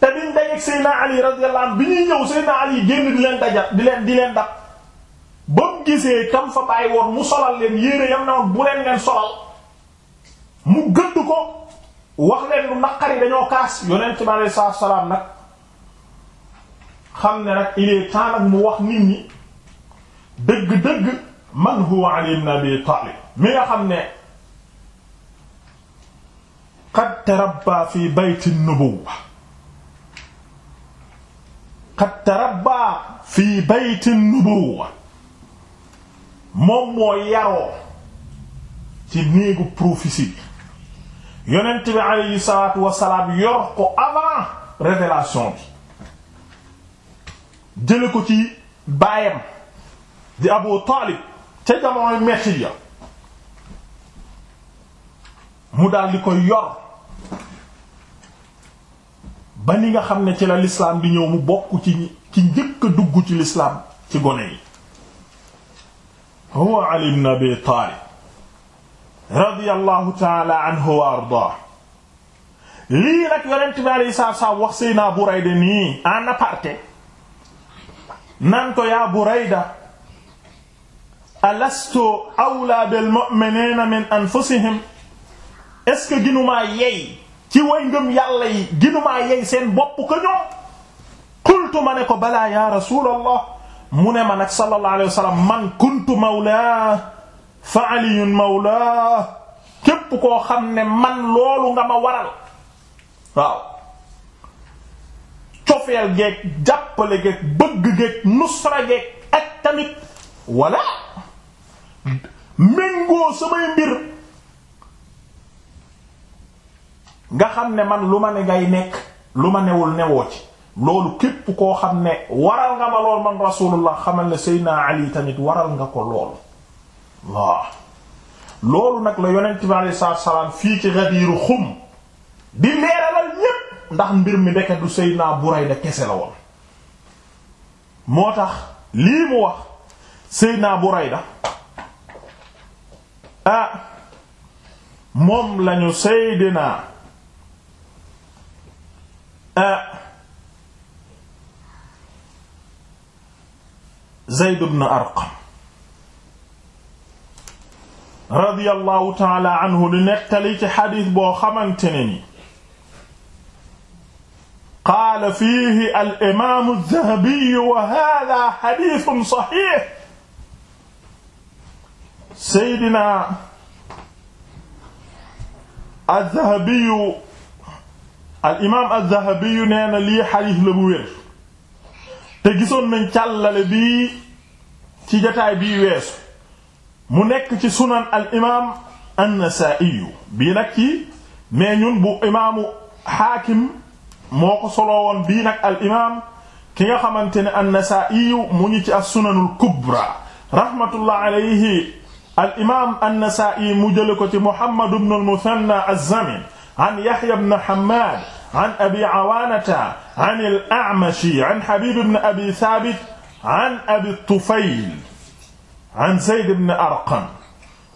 te biñ dajeeg Seydina Ali radiyallahu anhu bi ñuy ñëw Ali génn di leen dajat di leen di leen dab ba mu gisee kam fa bàyyi woon mu solal leen yére yam na woon bu leen leen solal mu gëdd ko wax leen lu naqari dañoo kaas yonent bi nag xam ne nag il est temps nag mu wax nit dëgg-dëgg man huwa Ali ibn Abi mi nga xam ne qad tarabba fi bayti nubuwwa qad tarabba fii bayti nubuwa moom moo yaroo ci néegu prophétie bi yonent bi aleyhi salaatu wasalaam yor ko avant révélation bi jële ko ci baayam di Abu Taalib ca jamonoy metti ya mu daal di koy yor ba ni nga xam ne ci la lislaam di ñëw mu bokk ci ci njëkk a ci lislaam ci gone yi huwa Ali ibn Abi Taalib radiyallahu taala anhu wa ardaa lii nag yonent bi alayhi salaatu salaam wax Seydina Burayda nii en aparté nan ko yaa Burayda alastu awlaa bil mu'miniina min anfusihim est-ce que yey ci way ngëm yàlla yi yey seen bopp kë ñoom qultu ma ne ko balaa ya rasulallah mu ne ma nag sallallahu alayhi wa man kuntu mawla fa aliyun mawla képp koo xam ne man loolu nga ma waral waaw cofeel geeg jàppale geeg bëgg geeg nusra geeg ak tamit wala méngoo samay mbir nga xam ne man lu ma ne ngay nekk lu ma newul newoo ci loolu képp koo xam ne waral nga ma lool man rasulullah xamal ne Seydina Ali tamit waral nga ko loolu loolu nag la yonent bi alayhi salaam fii ci Ghadir Khoum di leeralal ñépp ndax mbir mi ndeke du Seydina Burayda kese la moo tax lii mu wax Seydina Burayda ah moom lañu Seydina Euh, Zayd ibn Arqam radiyallahu taala anhu di nettali ci xadis boo xamante ne ni qaala fiihi al imaamu az-Zahabi wa haaza xadiisun saxiix Seydina az-Zahabi al imaam az-Zahabi yu na lii xadiis la bu wér te gisoon nañ càllale bi ci jataay bi weesu mu nekk ci sunan al imaam an-Nasaa'i bii nag ci mais ñun bu imaamu Xaakim moo ko soloo woon bii nag al imaam ki nga xamante ne an-Nasaa'i mu ngi ci as-sunanul kubra rahmatullah alayhi al imaam an-Nasaa'i mu jële ko ci Muhammad ibn al-Muthanna az-Zamin an Yahya ibn Hammad an Abi Awaanata an al-A'mash an Habib ibn Abi Thabit an Abi Tufayl an Zayd ibn Arqam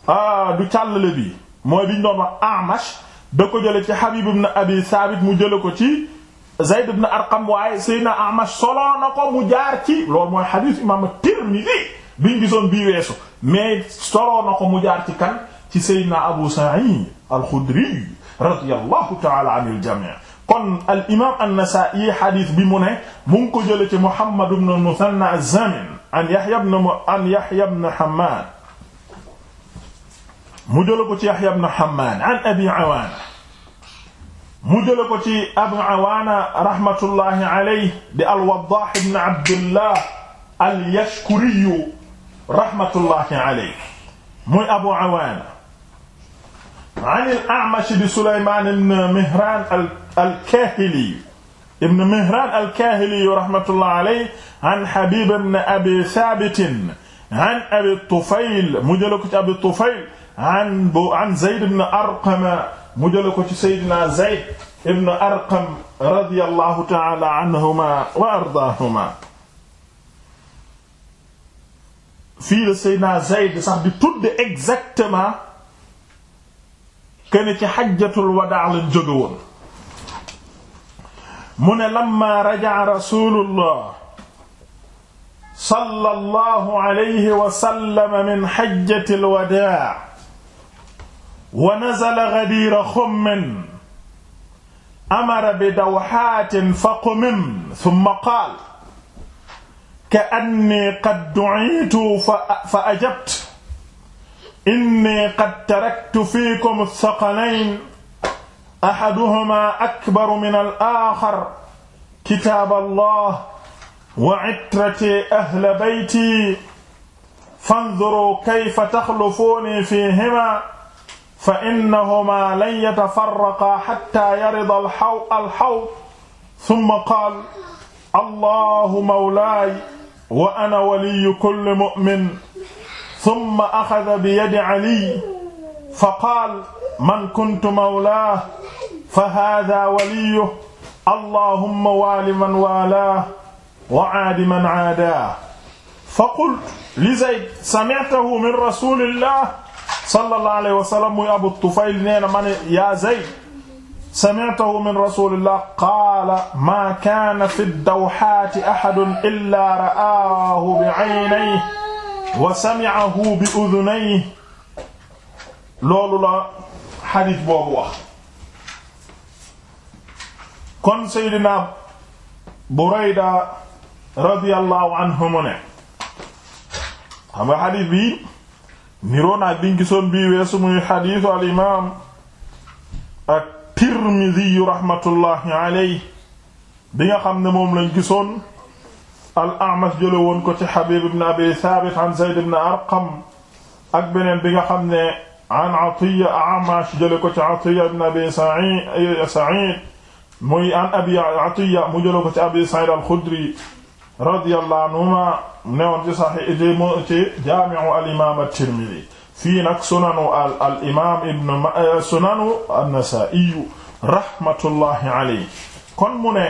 ah du càllale bi mooy bi ñu doon wax A'mash da ko jële ci Habib ibn Abi Thabit mu jële ko ci Zayd ibn Arqam waaye Seydina A'mash solo na ko mu jaar ci loolu mooy hadith imaam Tirmidhi biñ gisoon bii weesu mais solo na ko mu jaar ci kan ci Seydina Abu Sa'id al-Khudri radiyallahu ta'ala anil jami' kon al imam an-Nasa'i hadith bi mu ne mu ngi ko jële ci Muhammad ibn al-Muthanna az-Zamin an Yahya ibn an Yahya ibn Hammad mu jële ko ci Yahya ibn Hammad an Abi Awana mu jële ko ci Abu Awaana rahmatullahi alayhi di al-Waddah ibn Abdullah al-Yashkuriyu rahmatullahi alayhi muy Abu Awaana an al-A'mash di Sulaymaan ibn Mihraan al-Kaahili ibn Mihraan al-Kaahili rahmatullahi alayhi an Habiib ibn Abi Thaabit an Abi Tufayl mu jële ko ci Abi Tufayl an bu an Zayd ibn Arqam mu jële ko ci Seydina Zayd ibn Arqam radiyallahu ta'ala anhuma wa ardaahuma fii la Seydina Zayd sax di tudd exactement kene ci xajjatul wadaa la jóge woon mu ne lamma raja'a rasulullah sallallahu alayhi wa sallam min xajjatil wadaa wa nazala ghadiira xummin amara bi dawxaatin faqumim summa qaala ka'annii qad du'iitu fa ajabtu inni qad taraktu fiikum saqalayn axaduhumaa akbaru min al-aaxar kitaaballah wa citratii ahla bayti fanzuruu kayfa taxlufuunii fiihimaa fa innahumaa lan yatafarraqaa xattaa yarida al-xawd summa qaal allahu mawlaaya wa ana waliyyu kulli mu'min ثم أخذ بيد علي فقال من كنت مولاه فهذا وليه اللهم وال من والاه وعاد من عاداه فقلت لزيد سمعته من رسول الله صلى الله عليه وسلم muy Abu Tufayl nee na ma ne yaa Zayd سمعته من رسول الله قال ما كان في الدوحات أحد إلا رآه بعينيه wa sami'ahu bi udunayhi loolu la xadis boobu wax kon seydina Burayda radiyallahu anhu mu ne xam nga xadis bi niroon ak biñ gisoon bii weesu muy xadisu al imam at-Tirmidhi rahmatullahi alayhi bi nga xam ne moom lañ gisoon al A'mash jële woon ko ci Habib ibn Abi Thabit an Zayd ibn Arqam ak beneen bi nga xam ne an Atiyya A'mash jële ko ci Atiyya ibn Abi Sa'id muy an Abi Atiyya mu jële ko ci Abi Sa'id al-Khudri radiyallahu anhuma newoon ci sahih ci jaami'u al-imam at-Tirmidhi fii nag sunanu al al imaam ibn sunanu an-Nasa'i rahmatullahi alayhi kon mu ne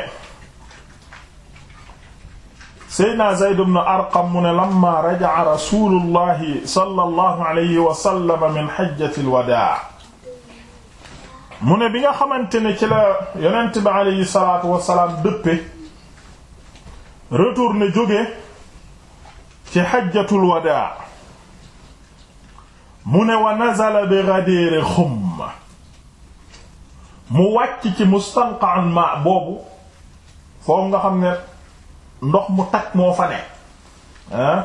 Seydina Zayd ibn Arqam mu ne lamma raja'a rasuulullahi sallallahu alayhi wa sallam min hajjatil wadaa mu ne bi nga xamante ne ci la yonent bi alayhi salaatu wa salaam dëppe retourné jóge ci hajjatul wadaa mu ne wa nazala bi Ghadir Khumm mu wàcc ci mustanqa'an ma boobu foofu nga xam ne ndox mu takk moo fa ne ah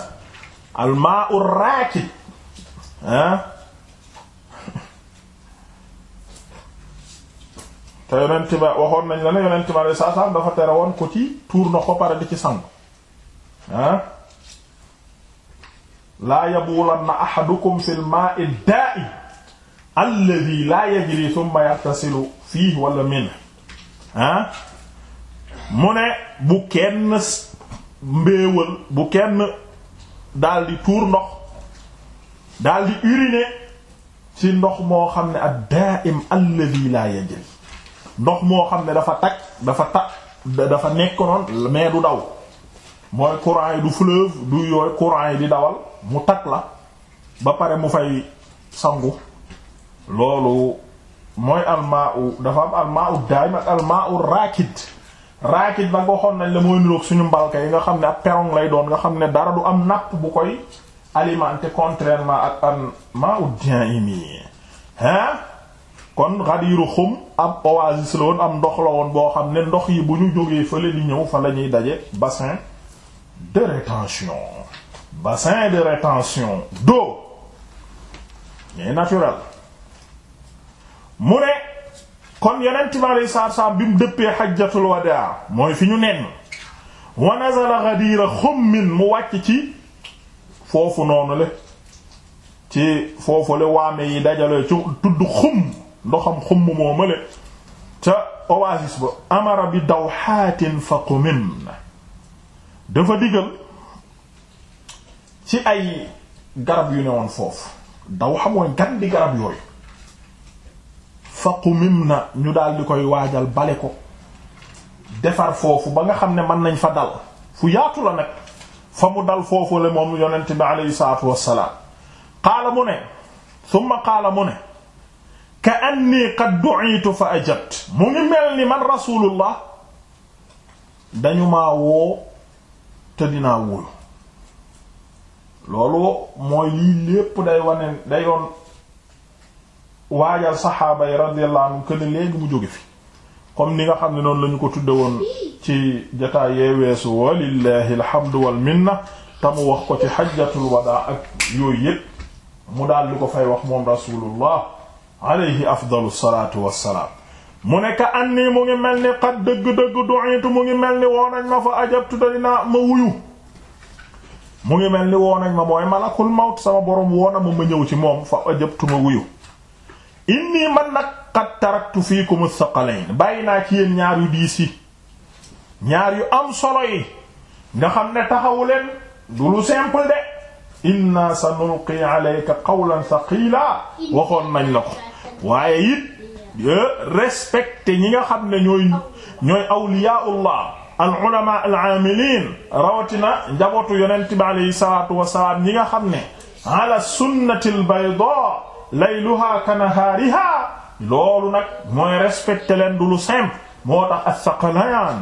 almaa ur raakid ah te waxoon nañ la ne yonent ma la saasaam dafa tere woon ko ci tuur ndox ba pare di ci sangu ah laa yabuulanna ahadukum fil maa'i daa'i alladhi laa yajri thumma yaghtasilu fiihi wala minhu mu ne bu kenn mbéewal bu kenn daldi tuur ndox daldi uriner ci ndox moo xam ne ad da'im alladhi la yajri ndox moo xam ne dafa tak dafa tak dafa nekk noonu mais du daw mooy courant yi du fleuve du yooyu courant yi di dawal mu tak la ba pare mu fay sangu loolu mooy almaa u dafa am almaa u daa'im ak almaa u raakid raakit ba nga waxoon nañ la mooy niroog suñu mbalka yi nga xam ne ab perron lay doon nga xam ne dara du am napp bu koy alimenté contrairement ak an Ma'ud-Da'imi hein kon Ghadir Khoum ab oasis la woon am ndox la woon boo xam ne ndox yi bu ñu jógee fële di ñëw fa la ñuy daje bassin de rétention bassin de rétention d'eau mais naturel mu ne kon yonent bi alayhi salaatu salaam bi mu dëppee xajjatul wadaa mooy fi ñu nenn wa nazala Ghadira Xummin mu wàcc ci foofu noonu le ci foofu le waame yi dajale ci tudd xum ndoxam xumm moo male ca oasis ba amara bi dawxaatin fa qumim dafa digal ci ay garab yu ne woon foofu daw xamoon gan di garab yooyu faqumim na ñu daal di koy waajal bale ko defar foofu ba nga xam ne mën nañ fa dal fu yaatu la nag fa mu dal foofu le moom yonent bi aleyhi salaatu wassalaam qaala mu ne summa qaala mu ne ka anni qad du'itu fa ajabt mu ngi mel ni man rasulullah dañu ma woo te dinaa wuyu loolu mooy lii lépp day wane dayoon waajal saxaaba yi radiyallahu këni léegi mu jóge fi comme ni nga xam ne noonu lañu ko tudde woon ci jataay yee weesu walillahi alhamdu wal minna te mu wax ko ci xajjatul wadaa ak yooyu yëpp mu daal di ko fay wax moom rasulullah alayhi afdalu salaatu wassalaam mu ne ka anni mu ngi mel ni xat dëgg-dëgg du'itu mu ngi mel ni woonañ ma fa ajabtu te dinaa ma wuyu mu ngi mel ni woonañ ma mooy malakul mawt sama borom woona ma ma ñëw ci moom fa ajabtu ma wuyu inni man nag qad taraktu fiikum thaqalayn bàyyi naa ci yéen ñaar yu diis yi ñaar yu am solo yi nga xam ne taxawu leen du lu simple de inna sanulqi alayka qawlan thaqila waxoon nañ la ko waaye it euh, respecté ñi nga xam ne ñooy ñooy awliyaullah al ulama al amilin rawatina njabootu yonent bi alayhi salatu wasalam ñi nga xam ne ala sunnati al bayda layluha kanahaariha loolu nag mooy respecté leen du lu simple moo tax as-saqalayn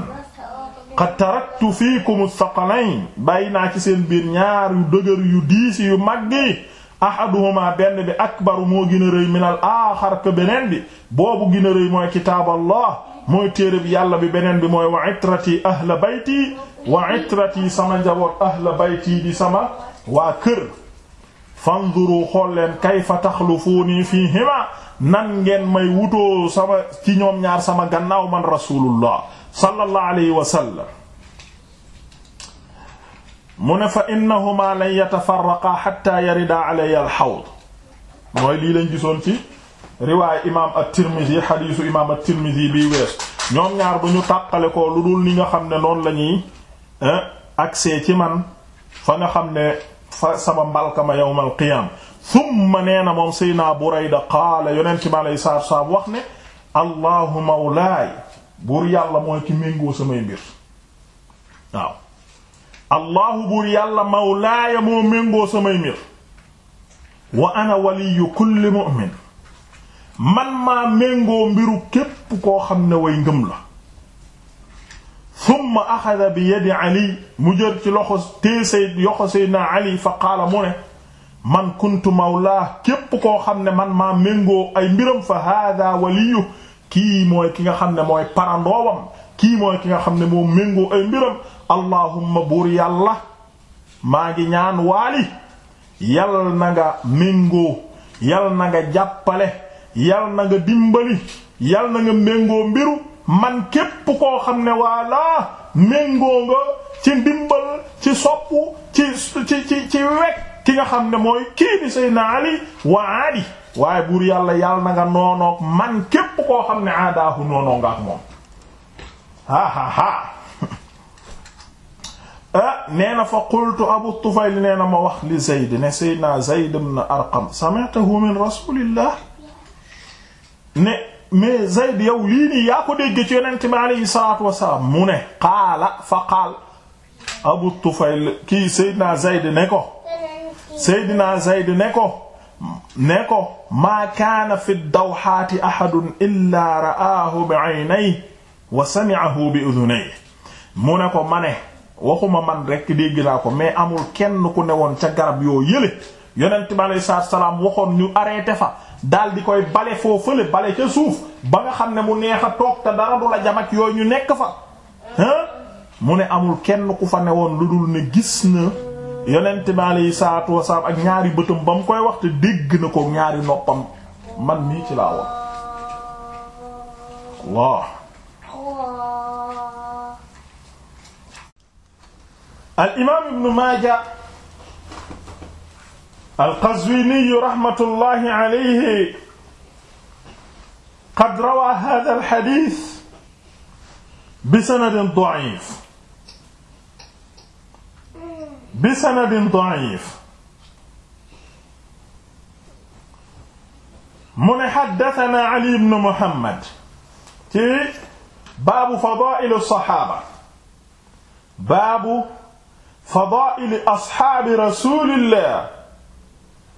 qad taraktu fiikum as-saqalayn bàyyi naa ci seen biir ñaar yu dëgër yu diisi yu màggi ahaduhuma benn bi akbaru moo gën a rëy min al aaxar ka beneen bi boobu gën mooy kitaaballah mooy téere bi yàlla bi beneen bi mooy wa itrati ahla bayti wa itrati sama njaboot ahla bayti di sama wa kër fa fanzuru xool leen kayfa taxlufuuni fiihima nan ngeen may wutoo ci ñoom ñaar sama gannaaw man rasulullah sallallahu alayhi wa sallam mu ne fa innahuma lan yatafarraqa hatta yarida alayya al-hawd mooy lii lañ gisoon ci riwaay imaam at-Tirmidhi xadiisu imaam at-Tirmidhi biy wees ñoom ñaar bu ñu tàqale ko lu dul ni nga xam ne noonu la ñuy eh, accès ci man fa nga xam ne sama mbalkama yawmal qiyaam thumma nee na moom qaala yonent mi alayhi salaatu salaam wax ne allahu mawlaay buur yàlla mooy ki méngoo samay mbir allahu buur yàlla mawlaaya moo méngoo samay mbir wa ana waliyu kulli mu'min man maa méngoo mbiru képp koo xam ne way ngëm thumma axada bi yadi ali mu jël ci loxo tée say yoxo saydna ali fa qaala mu ne man kuntu mawlaa képp koo xam ne man maa méngoo ay mbiram fa hada waliyu kii ki nga xam ne mooy parandoowam kii ki nga xam ne moo méngoo ay mbiram allahumma buur yàlla maa ngi ñaan waali yal na nga méngoo yal na nga jàppale yal nga dimbali yal nga méngoo mbiru man képp koo xam ne waalaa méngoo nga ci ndimbal ci soppu ci ci ki nga xam ne mooy kii di Seydina Ali waaye buur yàlla yàlla na nga noonoog man képp koo xam ne aadaahu noonoo nga ak moom ha ha ah, na fa qultu Abu Tufayl nee ma wax li Zayd ne Seydina Zayd ibn Arqam sami'tahu min rasulillah ne mais Zayd yow lii nii yaa ko dégg ci yonent bi aleyhi salaatu mu ne qaala fa qaal Abu Tufayl kii Seydina Zayd ne ko Seydina Zayd ne ko ne ko maa kaana fi dawxaati ahadun illaa ra'aahu bi aynayhi wa sami'ahu bi udhunayhi mu ne ko ma ne waxuma man rekk dégg naa ko mais amul kenn ku newoon ca garab yoo yële yonent bi alayhi salaam waxoon ñu arrêté fa daal di koy bale foofale bale ca suuf ba nga xam ne mu neex a toog te dara du la jam yooyu ñu nekk fa ah mu ne amul kenn ku fa newoon lu dul ne gis na yonent bi alayhi salaatu ak ñaari bëtam ba mu koy wax te dégg na ko ñaari noppam man nii ci laa woon waaw. al imaam ibnu Maaja alqazwiniyu rahmatullahi alayhi qad rawaa haadha alxadiis bisanadin da'if bisanadin da'if mu ne xaddatana ali ibn muhammad ci baabu fadaili saxaaba baabu fadaili asxaabi rasulillah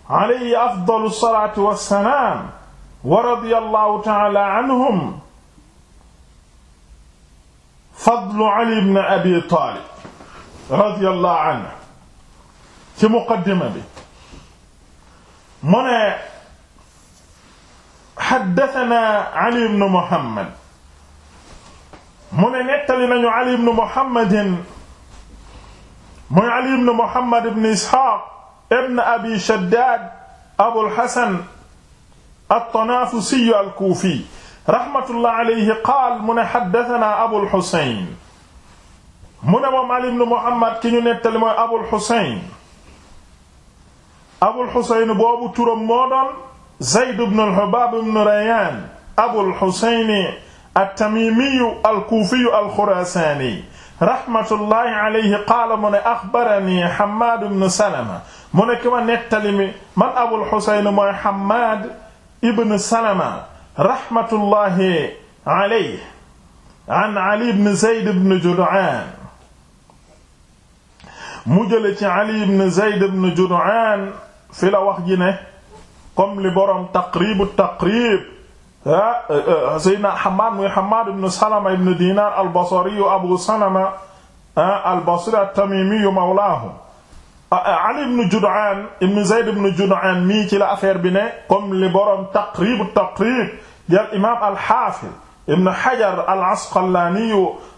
alayhi afdalu salaatu wassalaam wa radiyallahu ta'ala anhum fadlu ali ibn abi taalib radiyallahu anhu ci muqaddima bi mu ne xaddatanaa ali ibn muhammad mu ne nettali nañu ali ibn muhammadin mooy ali ibn muhammad ibn isxaaq ibn abi shaddad abul hasan at-tanafusi al-kufi rahmatullah alayhi qaal mu ne haddathana abul husayn mu ne moom ali ibn muhammad ki ñu nettali mooy abul husayn abul husayn boobu turam moo doon zayd ibn al-hubaab ibn rayyan abul husayn at-tamimi al-kufi al-khurasani rahmatullahi alayhi qaala mu ne axbarani Hammaad ibn Salama mu ne ki ma nettali mi man Abul Husayn mooy Hammaad ibn Salama rahmatullahi alayhi an Ali ibn Zayd ibn Jud'aan mu jële ci Ali ibn Zayd ibn Jud'aan fi la wax ji ne comme li boroom Taqriib at-Taqriib Ah, eh, eh, Seydina Hammaad muy Hammaad ibn Salama ibn Diinaar al-Basri Abu Salama ah, al-Basri at-Tamimi mawlaahum ah, eh, Ali ibn Jud'aan ibn Zayd ibn Jud'aan mii ci la affaire bi ne comme li borom Taqrib at-Taqrib jël imaam al-Haafiz ibn Hajar al-Asqalaani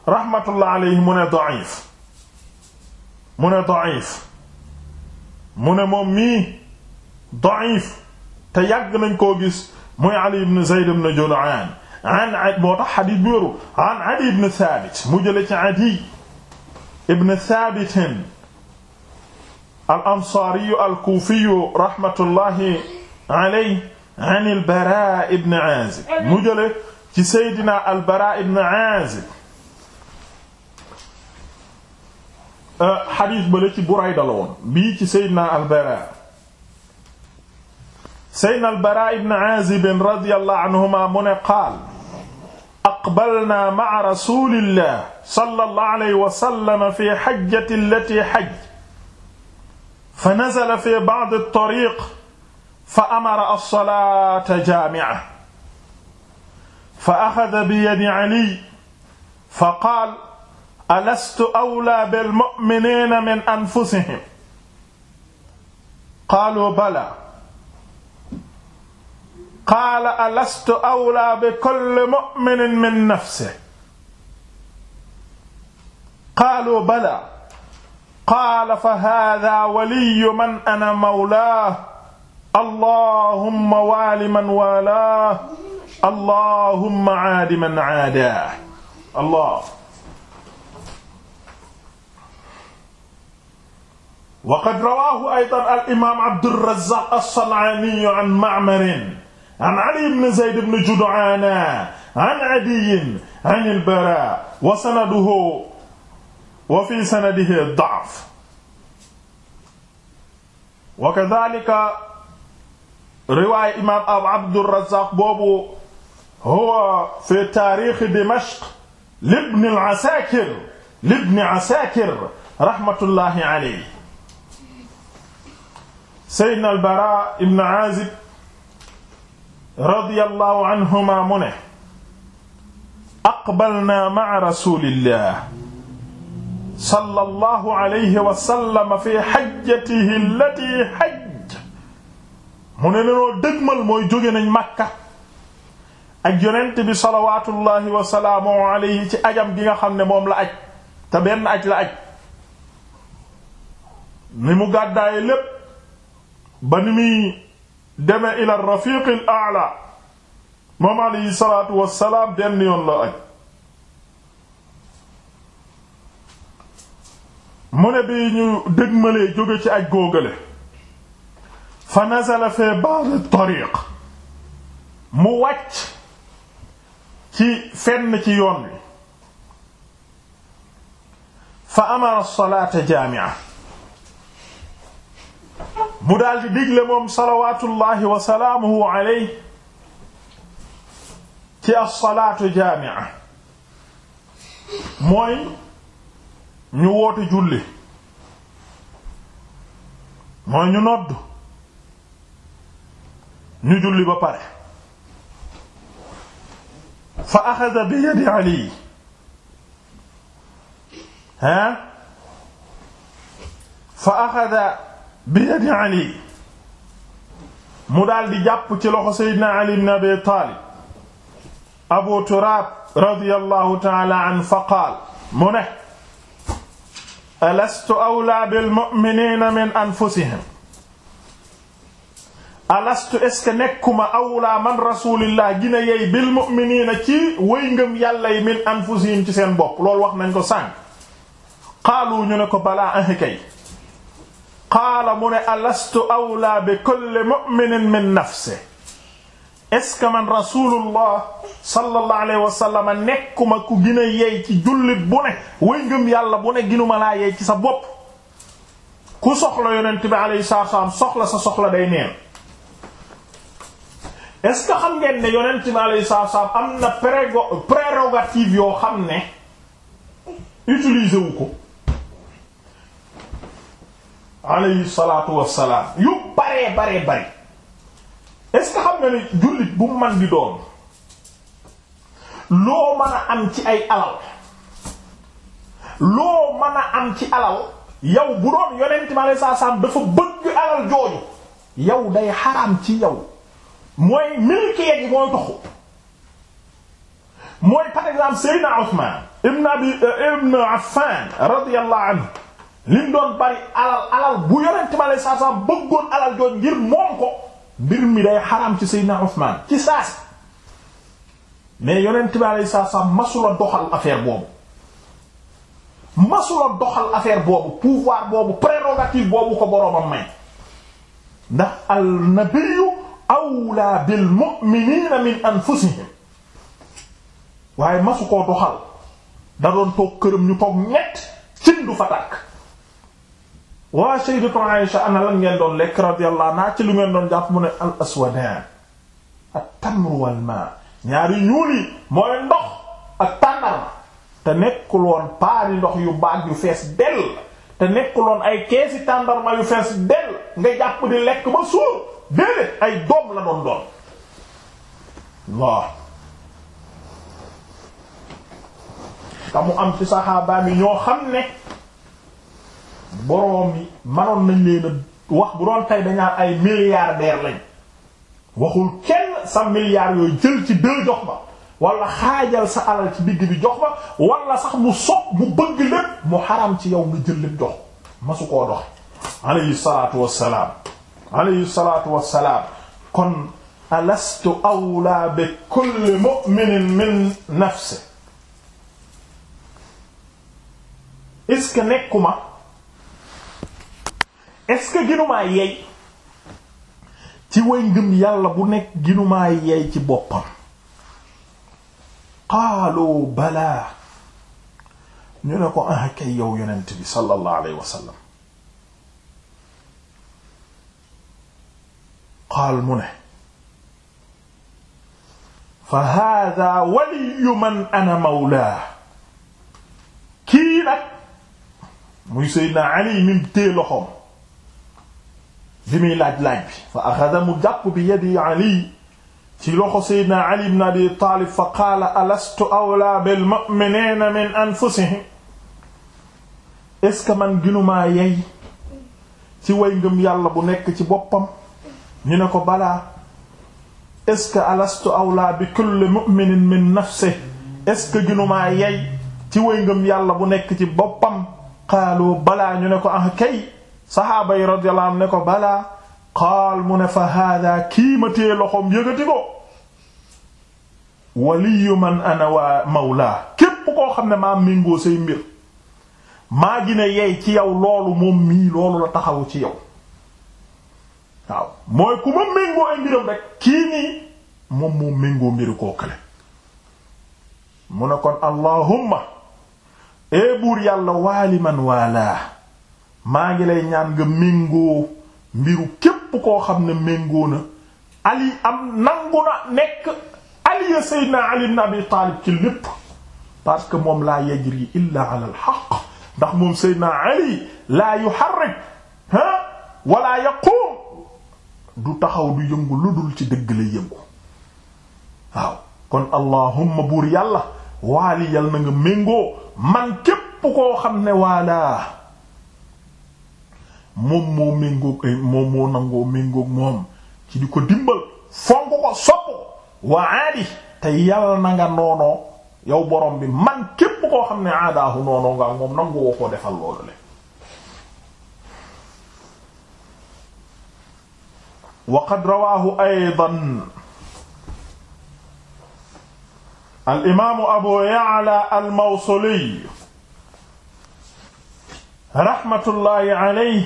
rahmatullah alayhi mu ne da'if mu ne da'if mu ne moom mii da'if te yàgg nañ koo gis. mooy Ali ibn Zayd ibn Jul'aan an boo tax xadis bi wéru an Adi ibn Thabit mu jële ci Adi ibn Thabit al ansaari al kuufi rahmatullahi alayhi an al Baraa ibn Aazib mu jële ci Seydina al Baraa ibn Aazib euh, xadis bële ci Burayda la woon bii ci Seydina al Baraa seydna albara ibn aazib radiyallahu anhuma mu ne qaal aqbalna ma'a rasulillah sallallahu alayhi wa sallam fi hajjati allati hajj fa nazala fi ba'd at-tariq fa amara as-salata jami'a fa akhadha bi yadi ali fa qaal alastu awlaa bil mu'minina min anfusihim qaalu balaa qaala alastu awlaa bi kulli mu'minin min nafsihi qaalu balaa qaala fa haadaa waliyyu man ana mawlaahu allahumma waali man waalaahu allahumma aadi man aadaahu allah wa qad rawaahu aydan al imaam Abdur Razzaaq as-San'aani an Ma'mar an ali ibn zayd ibn jud'aan an adiyin an al-baraa wa sanaduhu wa fi sanadihi da'f wa kadhalika riwaaya imaam Abdurrazaaq boobu huwa fi taarix Dimashq libn al-Asaakir libn Asaakir rahmatullahi alayhi sayyidina al-Baraa ibn Aazib radiyallahu anhuma mu ne aqbalna ma'a rasulillah sallallahu alayhi wa sallam fi hajjatihi allati hajj mu ne lenoo dëgmal mooy jóge nañ Makka ak yonent bi salawatullahi wa salaamuhu alayhi ci ajam gi nga xam ne moom la aj te benn aj la aj ni mu gàddaaye lépp ba ni muy deme ila rafiq al a'la moom alayhi salaatu wassalaam denn yoon la aj mu ne bi ñu dëgmalee jóge ci aj góogale fa nazala fi ba'd tariq mu wàcc ci fenn ci yoon wi fa amara as-salaata jaami'a mu daal di digle moom salawatullahi wa salaamuhu alayhi ci as-salaatu jaami'a mooy ñu woote julli mooy ñu nodd ñu julli ba pare fa axada bi yadi ali ha fa axada bi yadi mu daal di jàpp ci loxo seydina ali ibn abi taalib abu turaab radiyallahu taala an fa qaal mu ne alastu awlaa bil mu'miniina min anfusihim alastu est-ce que nekkuma awlaa man rasulillah gina yey bil mu'miniina ci way ngëm yàlla min anfusihim ci seen bopp lool wax nañ ko sànq qaalu ñu ne ko balaa ankay ah, qaala mu ne alastu awlaa bi kulli mu'minin min nafsihi est man rasulullah sallallahu alayhi ku gën a yey ci jullit bu ne way ngëm yàlla bu ne ginuma laa yey ci sa bopp ku soxla yonent bi alayhi soxla sa soxla day neen ce que xam ngeen ne yonent bi am na prérogative yoo xam ne utiliser wu ko alayhi salaatu wassalaam yu baree baree bari est-ce xam nga ne jullit bu man di doon loo mën a am ci ay alal loo mën a am ci alal yow bu doon yonent mi alayhi dafa bëgg alal jooju yow day xaraam ci yow mooy milkee gi mooy toxu mooy par exemple Seydina Usmaan ibn Abi eh, ibn Affan radiyallahu anhu liñ doon bari alal alal bu yonent ma lay saa bëggoon alal jooj ngir moom ko mbir mi day xaram ci Seydina Ousmane ci saasi mais yonent ma lay saa saa masula doxal affaire boobu masula doxal affaire boobu pouvoir boobu prérogative boobu ko boroomam may ndax al awlaa bil mu'miniina min anfusihim waaye masu koo doxal da doon toog këram ñu toog ñett cin fa tàkk waa sayyidatu Aisha ana lan ngeen doon lekk radiyallahu anha ci lu ngeen doon jàpp mu ne al aswadan at-tamr wal ma ñaari ñuul yi mooy ndox ak tàndarma te nekkul woon paari ndox yu baag yu fees dell te nekkul woon ay keesi tàndarma yu fees dell nga jàpp di lekk ba suur déedéet ay doom la doon doon waaw te mu am ci saxaaba mi ñoo xam ne boroom yi manoon nañ leen a wax bu doon tey dañaan ay milliardaire lañ waxul kenn sa milliards yooyu jël ci deux jox ma wala xaajal sa alal ci digg bi jox ma wala sax mu sopp mu bëgg lépp mu xaram ci yow nga jël lépp jox masu koo dox alayhi salatu wassalaam alayhi salatu wassalaam kon alastu awla bi kulli mu'minin min nafsi est-ce que nekkuma est-ce que ginumaa yey ci way ngëm yàlla bu nekk ginumaa yey ci boppam qaalu balaa ñu ne ko ah kay yow yonent bi sallallahu alayhi qaal mu ne fa hada waliyu man ana mawlaa kii nag muy Seydina Ali mim tée bi muy laaj laaj bi fa axada mu jàpp bi yadi ali ci loxo seydina ali ibn abi taalib fa qaala alastu awlaa bil mu'miniina min anfusihim est-ce que man ginumaa yey ci way ngëm yàlla bu nekk ci boppam ñu ne ko balaa est-ce que alastu awlaa bi kulli mu'minin min nafsihi est-ce que ginumaa yey ci way ngëm yàlla bu nekk ci boppam qaalu balaa ñu ne ko ah kay saxaaba yi radiyallahu anhu ne ko balaa qaal mu ne fa haadaa kii ma téye loxoom yëgati ko waliyu man ana waa mawlaa képp koo xam ne maa méngoo say mbir maa gina yey ci yow loolu moom mii loolu la taxawu ci yow waaw mooy ku ma méngoo ay mbiram rek kii moom moom méngoo mbiru kookale mu ne kon allahumma ee buur yàlla waali man waalaa maa ngi lay ñaan nga méngoo mbiru képp koo xam ne méngoo na ali am nangu na nekk aliya sayyidina ali ibn taalib ci lépp parce que moom laa yajri illa ala al ndax moom sayyidina ali laa yuharrik ha wala yaqum du taxaw du yëngu lu dul ci dëgg yàlla waali yàlla na nga méngoo man képp koo xam ne waalaa moom moo méngoog eh, moom moo nangoo moom ci di ko dimbal fonk ko sopp wa aadi te nga noonoo yow borom bi man képp koo xam ne aadaahu noonoo nga moom nangu woo koo defal wa qad rawaahu aydan al imaamu abu ya'la al mawsuli rahmatullahi alayhi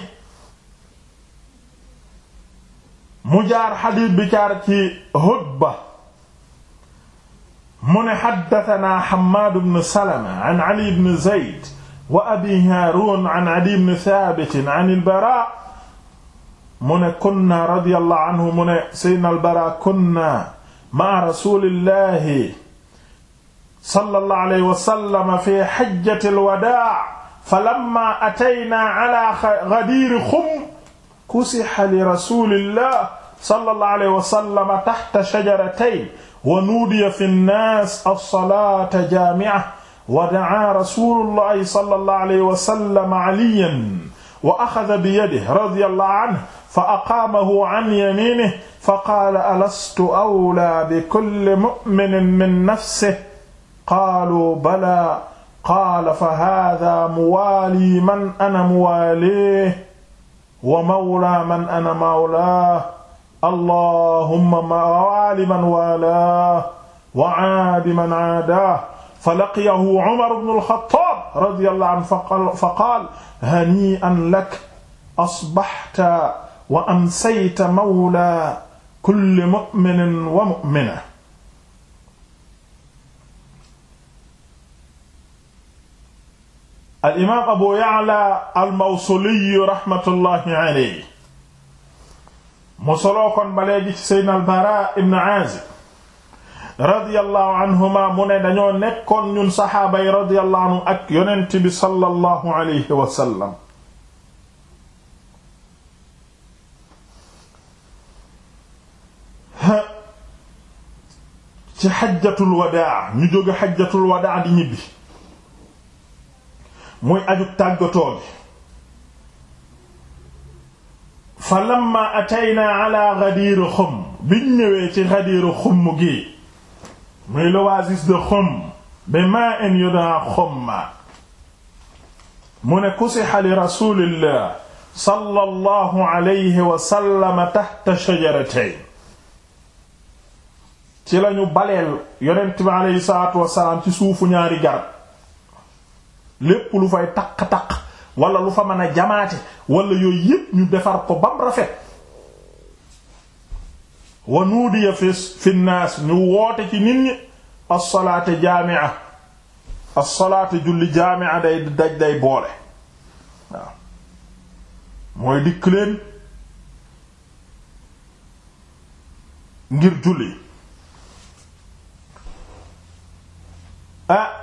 mu jaar xadiis bi jaar ci Hudba mu ne xaddatanaa Hammaad ibn Salama an Ali ibn Zayd wa Abi Haaruun an Adiy ibn Saabit an al-Baraa mu ne kunnaa radiyallaahu anhu mu ne Seydina al-Baraa kunnaa ma'a rasuulillaahi sallallaahu alayhi wa sallam fi hajjatil wadaa' falammaa ataynaa alaa Ghadiir Xum kusiha li rasuulillaahi sallallahu alayhi wa sallam taxta shajaratayn wa nuudiya fi nnaas as-salaata jaami'a wa da'aa rasuulullahi sallallahu alayhi wa sallam aliyan wa axada biyadihi radiyallahu anhu fa aqaamahu an yamiinihi fa qaala alastu awlaa bikulli mu'minin min nafsihi qaaluu balaa qaala fa haadaa muwaalii man ana muwaaliihi wa mawlaa man ana mawlaahu allahumma ma waali man waalaah wa aadi man aadaah fa laqiyahu Umar ibn al-Khattab radiyallahu anhu fa qaal hanii'an lak asbahta wa amsayta mawla kulli mu'minin wa mu'minatin al imaam Abu Ya'la al-Mawsili rahmatullahi alayhi mu soloo kon ba léegi ci seydna albara ibn aazib radiyallahu anhuma mu ne dañoo nekkoon ñun saxaaba yi radiyallahu ak yonent bi sallallahu alayhi wa sallam ci xajjatul wadaa ñu jóge xajjatul wadaa di ñibbi muy aju tàggatoo fa lamma ataynaa ala Ghadir Khoum biñ ñëwee ci Ghadir Khoum gi muy l'oasis de Khoum bi ma'in yudaa xumma mu ne kusixa li rasulillah sallallahu alayhi wa sallam tahta shajaratayn ci lañu baleel yonent bi aleyhi salaatu wasalaam ci suufu ñaari garab lépp lu fay taq-taq wala lu fa mën a jamaate wala yooyu yépp ñu defar ko bam rafet wa nuudiya fi fi naas ñu woote ci nit ñi as-salaata jaami'a as-salaata julli jaami'a day daj day boole mooy dikk leen ngir julli ah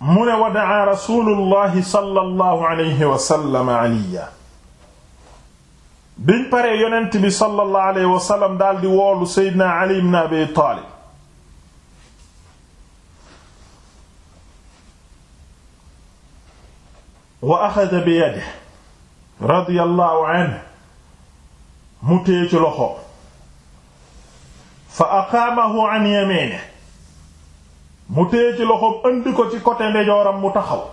mu ne wa daa rasulullahi sallallahu alayhi wa sallam aliya biñ paree yonent bi sallallahu alayhi wa sallam daal di woolu seydina ali ibn abi taalib wa axada bi yadihi radiyallahu anhu mu téye ci loxo fa aqaamahu an yamiinihi mu téye ci loxoom andi ko ci côté ndejooram mu taxaw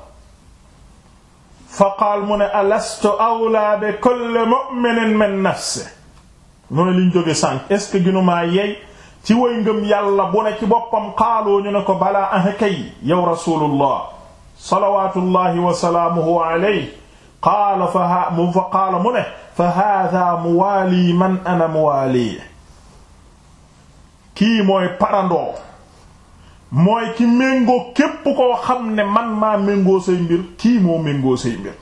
fa qaal mu ne alastu awlaa bi kulli mu'minin min nafsi mu ne liñ jóge sànq est ce que ci way ngëm yàlla bu ne ci boppam xaaloo ñu ne ko balaa ah kay yow rasulullah salawatullahi wa salaamuhu alayhi qaala fa fa mu ne fa haadha muwaali man ana muwaali kii mooy parandoo mooy ki méngoo képp koo xam ne man maa méngoo say mbir kii moo méngoo say mbir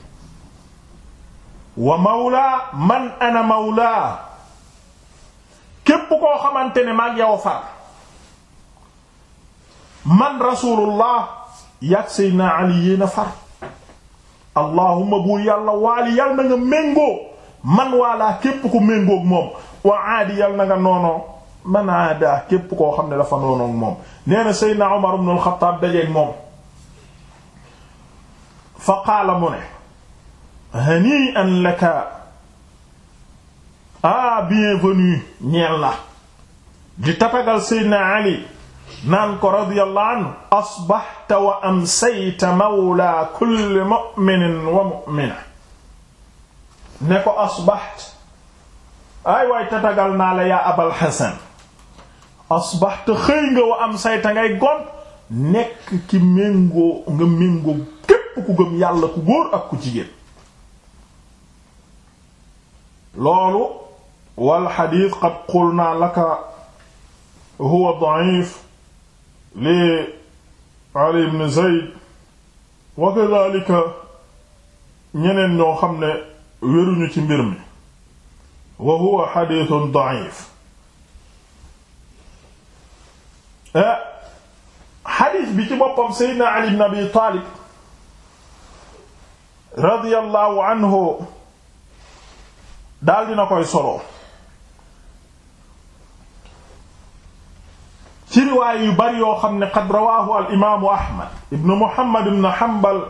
wa mawlaa man ana mawlaa képp koo xamante ne maag yow far man rasulullah yaag seydna ali yéen a far allahuma buur yàlla waali yàlla nga méngoo man waalaa képp ku méngoog moom wa aadi yàlla na nga noonoo man aadaa képp koo xam ne dafa noonu ak moom nee na Seydina Umar ibn al-Khattab dajeeg moom fa qaala mu ne hani'an laka ah bienvenue ñeel la di tatagal Seydina Ali naan ko radiyallahu anhu asbahta wa amsayta mawla kulli mu'minin wa mu'mina ne ko asbaht ay waay tatagal naa la yaa Abal Hasan asbaxta xëy nga wa am sayta ngay gont nekk ki méngoo nga méngoo képp ku gëm yàlla ku góor ak ku jigéen loolu wal xadiis qad qulna laka huwa da'if li Ali ibn Zayd wa kadhalika ñeneen ñoo xam ne wéruñu ci mbir mi wa huwa xadiisun da'if Eh, xadiis bi ci boppam Seydina Ali ibn Abi Taalib radiyallahu anhu daal dina koy solo ci riwaay yu bari yoo xam ne qad rawaahu al imaamu Ahmad ibn Muhammad ibn Hanbal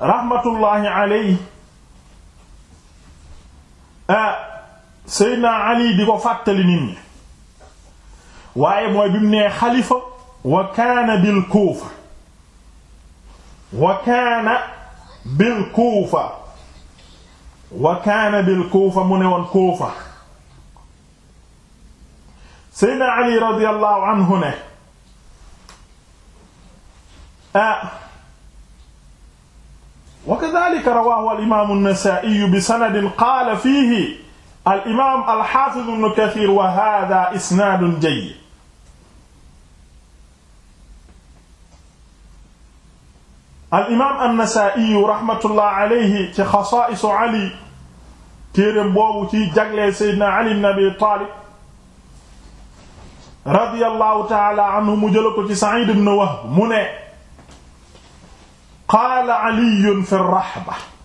rahmatullahi alayhi eh, Seydina Ali di ko fàttali nit ñi waaye mooy bi mu nee xalifa wa kaana bil kuufa wa kaana bil kuufa wa kaana bil kuufa mu ne woon kuufa seydna ali radiyallahu anhu ne ah wa kadhalika rawahu al imam an-nasa'i bi sanadin qaala fiihi al imam al hafiz ibn kathir wa hadha isnadun jayyid al imaam an-Nasaa'iyu rahmatullah alayhi ci xasaa'isu Ali téereem boobu ci jagleel Seydina Ali ibn Abi Taalib radiyallahu ta'ala anhu mu jëla ko ci Sa'iid ibn Wahb mu ne qaala Aliyun fi rahba